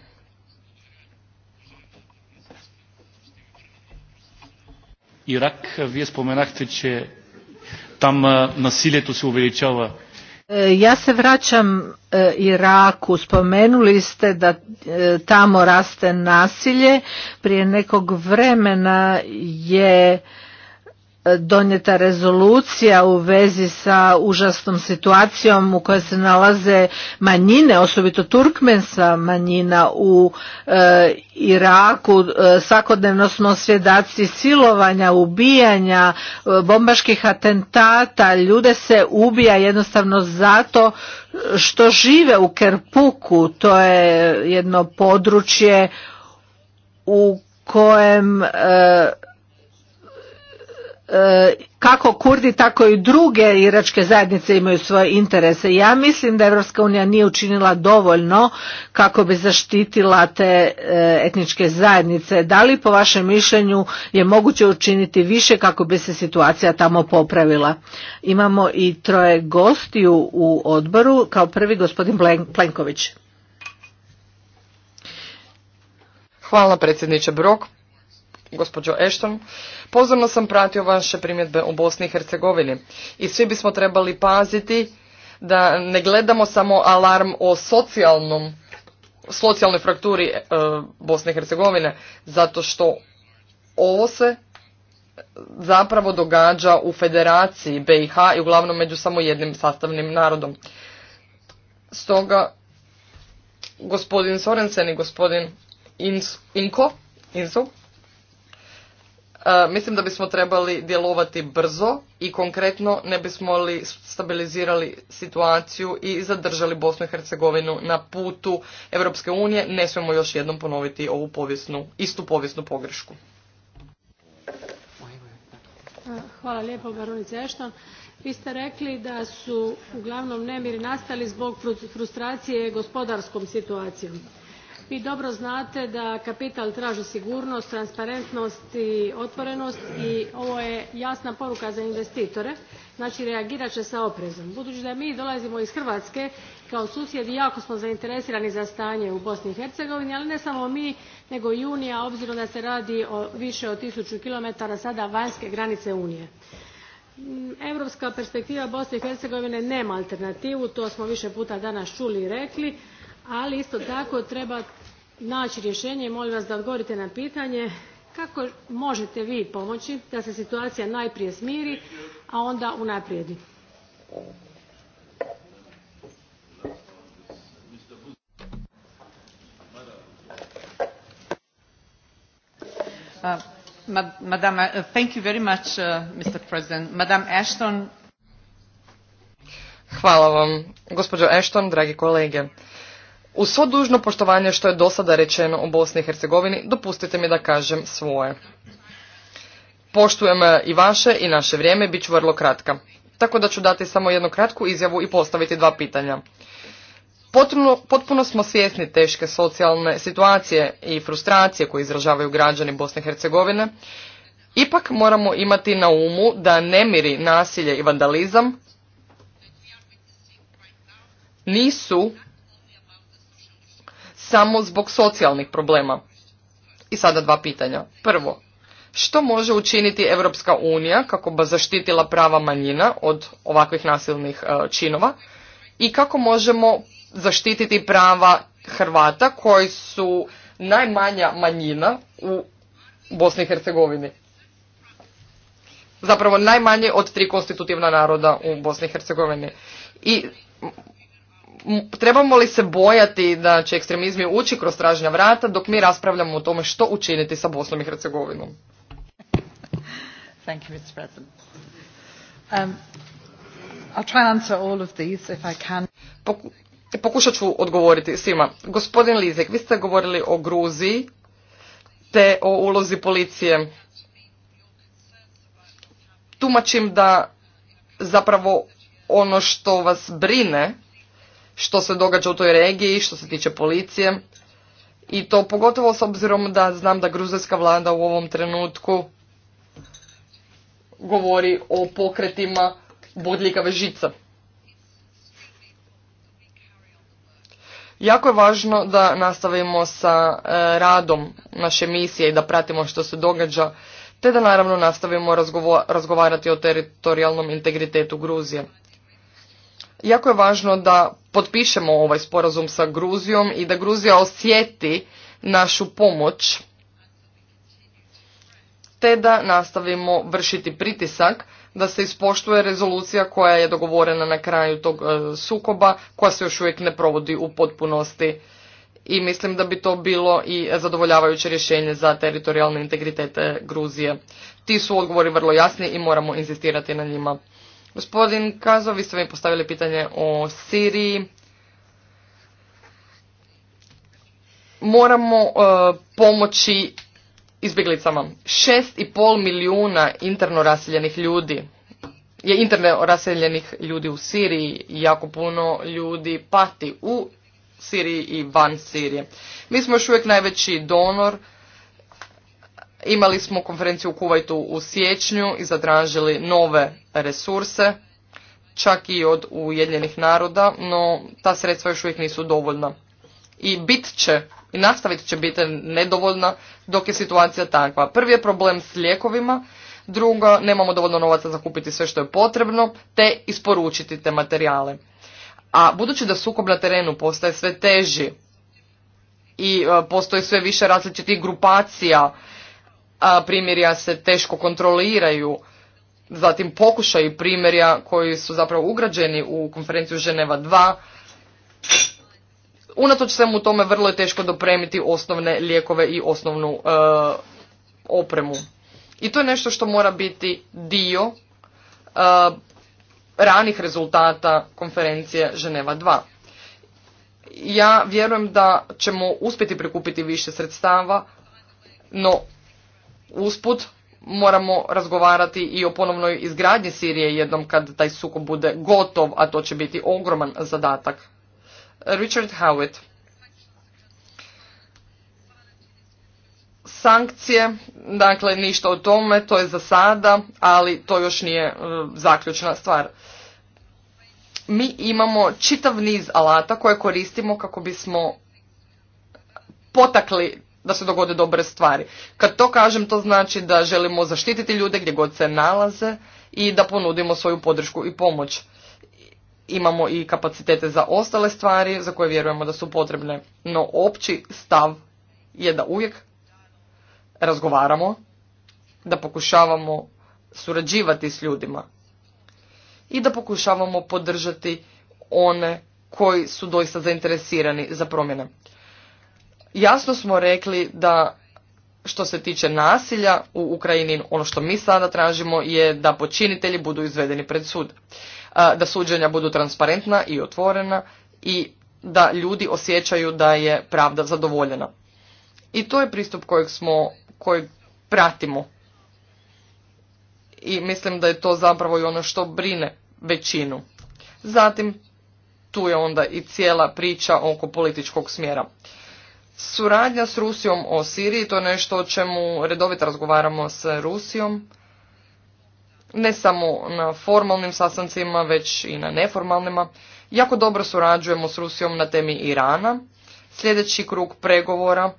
Ирак, вие споменахте, tam eh, nasilje насилието se увеличава. E, ja se vraćam e, Iraku, spomenuli ste da e, tamo raste nasilje, prije nekog vremena je donijeta rezolucija u vezi sa užasnom situacijom u kojoj se nalaze manjine, osobito turkmensa manjina u e, Iraku. E, svakodnevno smo svjedaci silovanja, ubijanja, e, bombaških atentata, ljude se ubija jednostavno zato što žive u Kerpuku. To je jedno područje u kojem kako Kurdi, tako i druge iračke zajednice imaju svoje interese. Ja mislim da Europska unija nije učinila dovoljno kako bi zaštitila te e, etničke zajednice. Da li po vašem mišljenju je moguće učiniti više kako bi se situacija tamo popravila? Imamo i troje gostiju u odboru, kao prvi gospodin Plenković. Hvala predsjedniče Brok. Gospođo Ešton, pozorno sam pratio vaše primjedbe u Bosni i Hercegovini i svi bismo trebali paziti da ne gledamo samo alarm o socijalnom, socijalnoj frakturi e, Bosne i Hercegovine, zato što ovo se zapravo događa u federaciji BiH i uglavnom među samo jednim sastavnim narodom. Stoga gospodin Sorensen i gospodin Inko, Inso, E, mislim da bismo trebali djelovati brzo i konkretno ne bismo li stabilizirali situaciju i zadržali Bosnu i Hercegovinu na putu Europske unije, ne smijemo još jednom ponoviti ovu povijesnu, istu povijesnu pogrešku. Hvala lijepo, baronice Ešton. Vi ste rekli da su uglavnom nemiri nastali zbog frustracije gospodarskom situacijom vi dobro znate da kapital traži sigurnost transparentnost i otvorenost i ovo je jasna poruka za investitore znači reagirat će s oprezom. budući da mi dolazimo iz hrvatske kao susjedi jako smo zainteresirani za stanje u bosni i hercegovini ali ne samo mi nego i unija obzirom da se radi o više od tisuću kilometara sada vanjske granice unije. europska perspektiva bosne i hercegovine nema alternativu to smo više puta danas čuli i rekli ali isto tako treba naći rješenje i molim vas da odgovorite na pitanje kako možete vi pomoći da se situacija najprije smiri a onda unaprijedi? Hvala vam, Ashton, dragi kolege. Uz svo dužno poštovanje što je do sada rečeno o Bosni i Hercegovini, dopustite mi da kažem svoje. Poštujem eh, i vaše i naše vrijeme, bit ću vrlo kratka. Tako da ću dati samo jednu kratku izjavu i postaviti dva pitanja. Potpuno, potpuno smo svjesni teške socijalne situacije i frustracije koje izražavaju građani Bosne i Hercegovine. Ipak moramo imati na umu da nemiri, nasilje i vandalizam nisu samo zbog socijalnih problema. I sada dva pitanja. Prvo, što može učiniti Europska unija kako bi zaštitila prava manjina od ovakvih nasilnih e, činova i kako možemo zaštititi prava Hrvata koji su najmanja manjina u Bosni i Hercegovini. Zapravo najmanje od tri konstitutivna naroda u Bosni i Hercegovini. I trebamo li se bojati da će ekstremizmi ući kroz stražnja vrata dok mi raspravljamo o tome što učiniti sa Bosnom i Hercegovinom? Thank you, Mr. President. Um, I'll try answer all of these if I can. pokušat ću odgovoriti svima. Gospodin Lizek, vi ste govorili o Gruziji te o ulozi policije. Tumačim da zapravo ono što vas brine što se događa u toj regiji, što se tiče policije. I to pogotovo s obzirom da znam da gruzijska vlada u ovom trenutku govori o pokretima bodljikave žica. Jako je važno da nastavimo sa e, radom naše misije i da pratimo što se događa, te da naravno nastavimo razgovarati o teritorijalnom integritetu Gruzije jako je važno da potpišemo ovaj sporazum sa Gruzijom i da Gruzija osjeti našu pomoć te da nastavimo vršiti pritisak da se ispoštuje rezolucija koja je dogovorena na kraju tog e, sukoba koja se još uvijek ne provodi u potpunosti i mislim da bi to bilo i zadovoljavajuće rješenje za teritorijalne integritete Gruzije. Ti su odgovori vrlo jasni i moramo inzistirati na njima. Gospodin Kazo, vi ste mi postavili pitanje o Siriji. Moramo e, pomoći izbjeglicama. pol milijuna interno raseljenih ljudi je interno raseljenih ljudi u Siriji. Jako puno ljudi pati u Siriji i van Sirije. Mi smo još uvijek najveći donor Imali smo konferenciju u Kuvajtu u siječnju i zatražili nove resurse, čak i od Ujedinjenih naroda, no ta sredstva još uvijek nisu dovoljna. I bit će, i nastavit će biti nedovoljna dok je situacija takva. Prvi je problem s lijekovima, drugo, nemamo dovoljno novaca za kupiti sve što je potrebno, te isporučiti te materijale. A budući da sukob na terenu postaje sve teži i e, postoji sve više različitih grupacija, a primjerja se teško kontroliraju, zatim pokušaj primjerja koji su zapravo ugrađeni u konferenciju Ženeva 2. Unatoč svemu tome vrlo je teško dopremiti osnovne lijekove i osnovnu e, opremu. I to je nešto što mora biti dio e, ranih rezultata konferencije Ženeva 2. Ja vjerujem da ćemo uspjeti prikupiti više sredstava, no Usput moramo razgovarati i o ponovnoj izgradnji Sirije jednom kad taj sukob bude gotov, a to će biti ogroman zadatak. Richard Howitt. Sankcije, dakle ništa o tome, to je za sada, ali to još nije e, zaključna stvar. Mi imamo čitav niz alata koje koristimo kako bismo potakli da se dogode dobre stvari. Kad to kažem, to znači da želimo zaštititi ljude gdje god se nalaze i da ponudimo svoju podršku i pomoć. Imamo i kapacitete za ostale stvari za koje vjerujemo da su potrebne. No opći stav je da uvijek razgovaramo, da pokušavamo surađivati s ljudima i da pokušavamo podržati one koji su doista zainteresirani za promjene. Jasno smo rekli da što se tiče nasilja u Ukrajini, ono što mi sada tražimo je da počinitelji budu izvedeni pred sud, da suđenja budu transparentna i otvorena i da ljudi osjećaju da je pravda zadovoljena. I to je pristup kojeg smo, kojeg pratimo. I mislim da je to zapravo i ono što brine većinu. Zatim, tu je onda i cijela priča oko političkog smjera. Suradnja s Rusijom o Siriji, to je nešto o čemu redovito razgovaramo s Rusijom. Ne samo na formalnim sastancima, već i na neformalnima. Jako dobro surađujemo s Rusijom na temi Irana. Sljedeći krug pregovora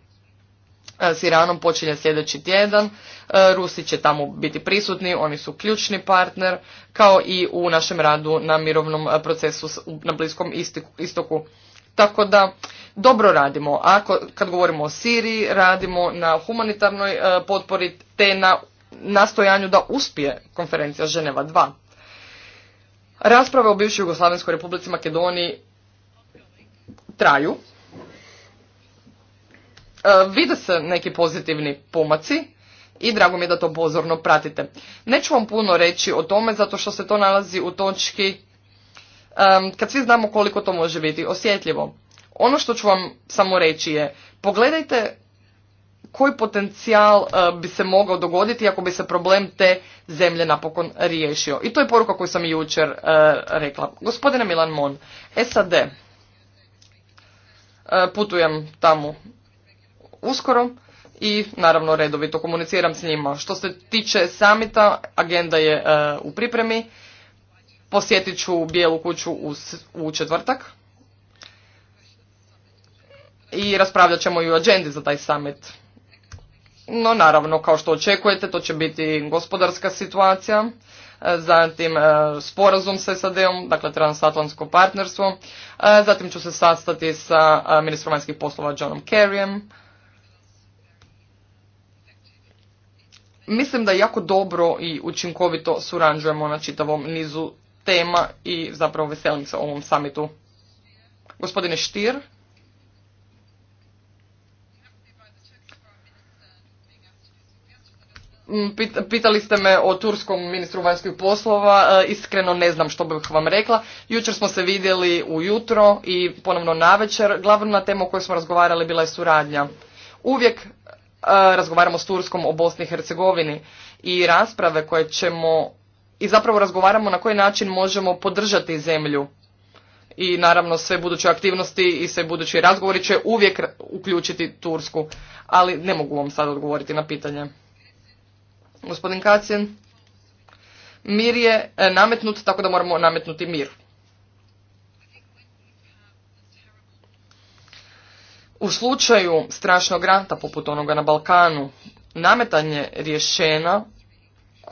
e, s Iranom počinje sljedeći tjedan. E, Rusi će tamo biti prisutni, oni su ključni partner, kao i u našem radu na mirovnom procesu na Bliskom istoku. Tako da dobro radimo. Ako kad govorimo o Siriji, radimo na humanitarnoj e, potpori te na nastojanju da uspije konferencija Ženeva 2. Rasprave o bivšoj Jugoslavenskoj republici Makedoniji traju. E, vide se neki pozitivni pomaci i drago mi je da to pozorno pratite. Neću vam puno reći o tome zato što se to nalazi u točki kad svi znamo koliko to može biti osjetljivo. Ono što ću vam samo reći je, pogledajte koji potencijal eh, bi se mogao dogoditi ako bi se problem te zemlje napokon riješio. I to je poruka koju sam i jučer eh, rekla. Gospodine Milan Mon, SAD, eh, putujem tamo uskoro i naravno redovito komuniciram s njima. Što se tiče samita, agenda je u pripremi posjetit ću Bijelu kuću u četvrtak i raspravljat ćemo i o agendi za taj summit. No naravno, kao što očekujete, to će biti gospodarska situacija, e, zatim e, sporazum sa SAD-om, dakle transatlantsko partnerstvo, e, zatim ću se sastati sa ministrom vanjskih poslova Johnom Kerryem. Mislim da jako dobro i učinkovito surađujemo na čitavom nizu tema i zapravo veselim se ovom samitu. Gospodine Štir. Mm, pitali ste me o turskom ministru vanjskih poslova, e, iskreno ne znam što bih vam rekla. Jučer smo se vidjeli ujutro i ponovno navečer. Glavna tema o kojoj smo razgovarali bila je suradnja. Uvijek e, razgovaramo s Turskom o Bosni i Hercegovini i rasprave koje ćemo i zapravo razgovaramo na koji način možemo podržati zemlju. I naravno sve buduće aktivnosti i sve budući razgovori će uvijek uključiti Tursku. Ali ne mogu vam sad odgovoriti na pitanje. Gospodin Kacin, mir je e, nametnut, tako da moramo nametnuti mir. U slučaju strašnog rata poput onoga na Balkanu, nametanje rješena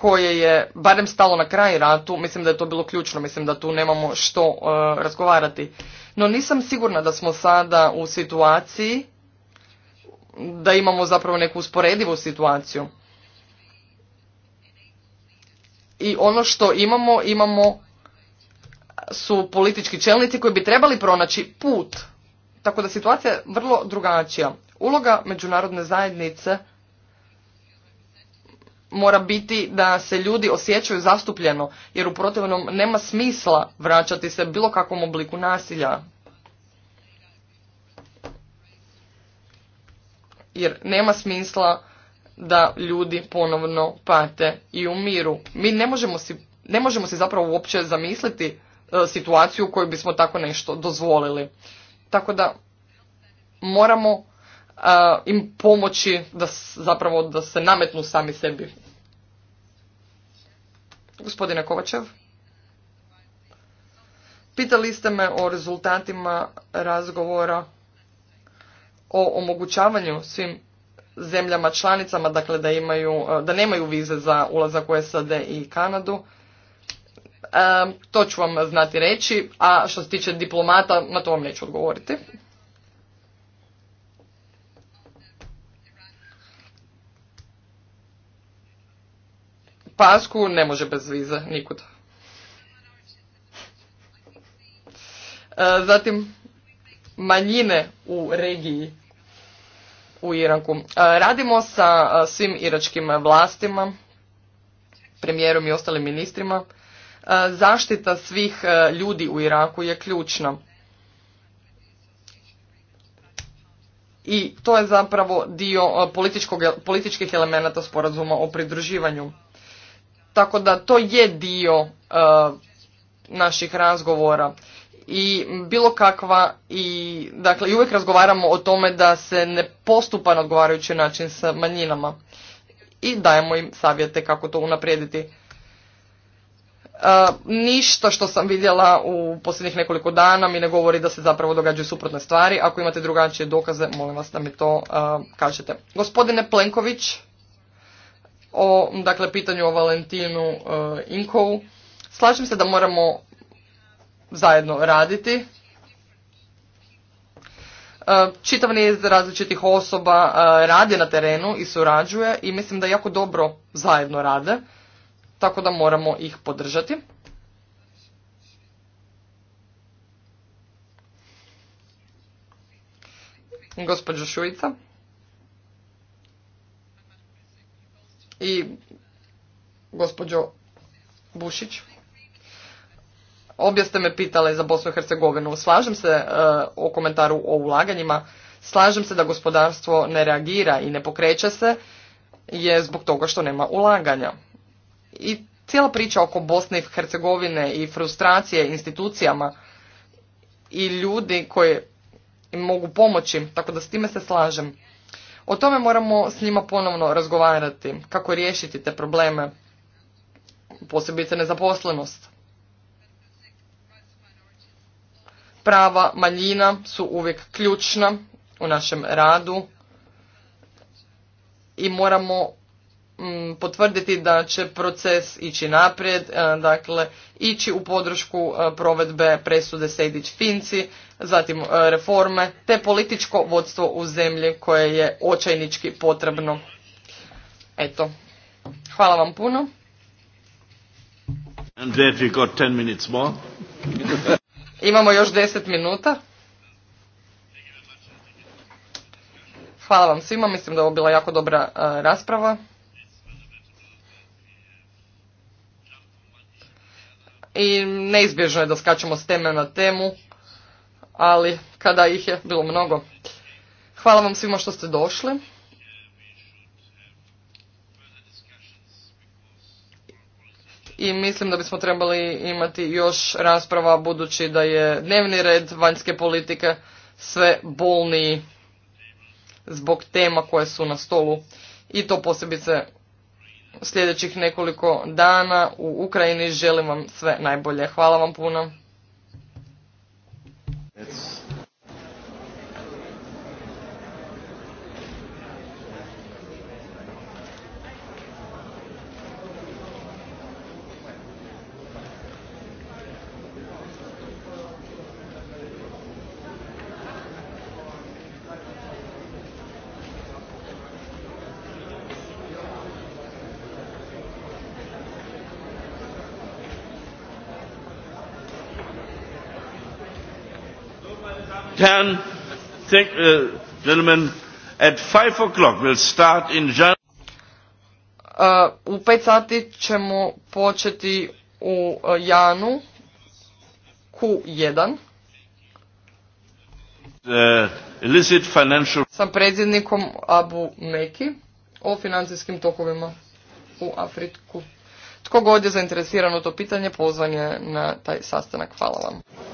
koje je barem stalo na kraj ratu, mislim da je to bilo ključno, mislim da tu nemamo što e, razgovarati. No nisam sigurna da smo sada u situaciji da imamo zapravo neku usporedivu situaciju. I ono što imamo, imamo su politički čelnici koji bi trebali pronaći put. Tako da situacija je vrlo drugačija. Uloga međunarodne zajednice mora biti da se ljudi osjećaju zastupljeno, jer u protivnom nema smisla vraćati se bilo kakvom obliku nasilja. Jer nema smisla da ljudi ponovno pate i umiru. Mi ne možemo si, ne možemo zapravo uopće zamisliti e, situaciju u kojoj bismo tako nešto dozvolili. Tako da moramo im pomoći da zapravo da se nametnu sami sebi. Gospodine Kovačev, pitali ste me o rezultatima razgovora o omogućavanju svim zemljama članicama, dakle da imaju, da nemaju vize za ulazak u SAD i Kanadu. to ću vam znati reći, a što se tiče diplomata, na to vam neću odgovoriti. pasku ne može bez vize nikud. E, zatim manjine u regiji u Iraku. E, radimo sa e, svim iračkim vlastima, premijerom i ostalim ministrima. Zaštita svih ljudi u Iraku je ključna. I to je zapravo dio političkih elemenata sporazuma o pridruživanju. Tako da to je dio e, naših razgovora i bilo kakva i dakle i uvijek razgovaramo o tome da se ne postupa na odgovarajući način sa manjinama i dajemo im savjete kako to unaprijediti. E, ništa što sam vidjela u posljednjih nekoliko dana mi ne govori da se zapravo događaju suprotne stvari. Ako imate drugačije dokaze, molim vas da mi to e, kažete. Gospodine Plenković, o dakle, pitanju o Valentinu e, Inkovu. Slažem se da moramo zajedno raditi. E, čitav niz različitih osoba e, radi na terenu i surađuje i mislim da jako dobro zajedno rade, tako da moramo ih podržati. Gospođo Šujica. i gospođo Bušić, obje ste me pitale za Bosnu i Hercegovinu. Slažem se e, o komentaru o ulaganjima, slažem se da gospodarstvo ne reagira i ne pokreće se je zbog toga što nema ulaganja. I cijela priča oko Bosne i Hercegovine i frustracije institucijama i ljudi koji im mogu pomoći, tako da s time se slažem. O tome moramo s njima ponovno razgovarati, kako riješiti te probleme, posebice nezaposlenost. Prava manjina su uvijek ključna u našem radu i moramo Mm, potvrditi da će proces ići naprijed, e, dakle ići u podršku e, provedbe presude Sejdić Finci, zatim e, reforme te političko vodstvo u zemlji koje je očajnički potrebno. Eto, hvala vam puno. Imamo još deset minuta. Hvala vam svima, mislim da je ovo bila jako dobra rasprava. i neizbježno je da skačemo s teme na temu, ali kada ih je bilo mnogo. Hvala vam svima što ste došli. I mislim da bismo trebali imati još rasprava budući da je dnevni red vanjske politike sve bolniji zbog tema koje su na stolu i to posebice sljedećih nekoliko dana u Ukrajini. Želim vam sve najbolje. Hvala vam puno. Herren, thank, uh, gentlemen, at five o'clock we'll start in uh, U pet sati ćemo početi u uh, Janu Q1. Uh, illicit financial... Sa predsjednikom Abu Meki o financijskim tokovima u Afriku. Tko god je zainteresiran u to pitanje, pozvan je na taj sastanak. Hvala vam.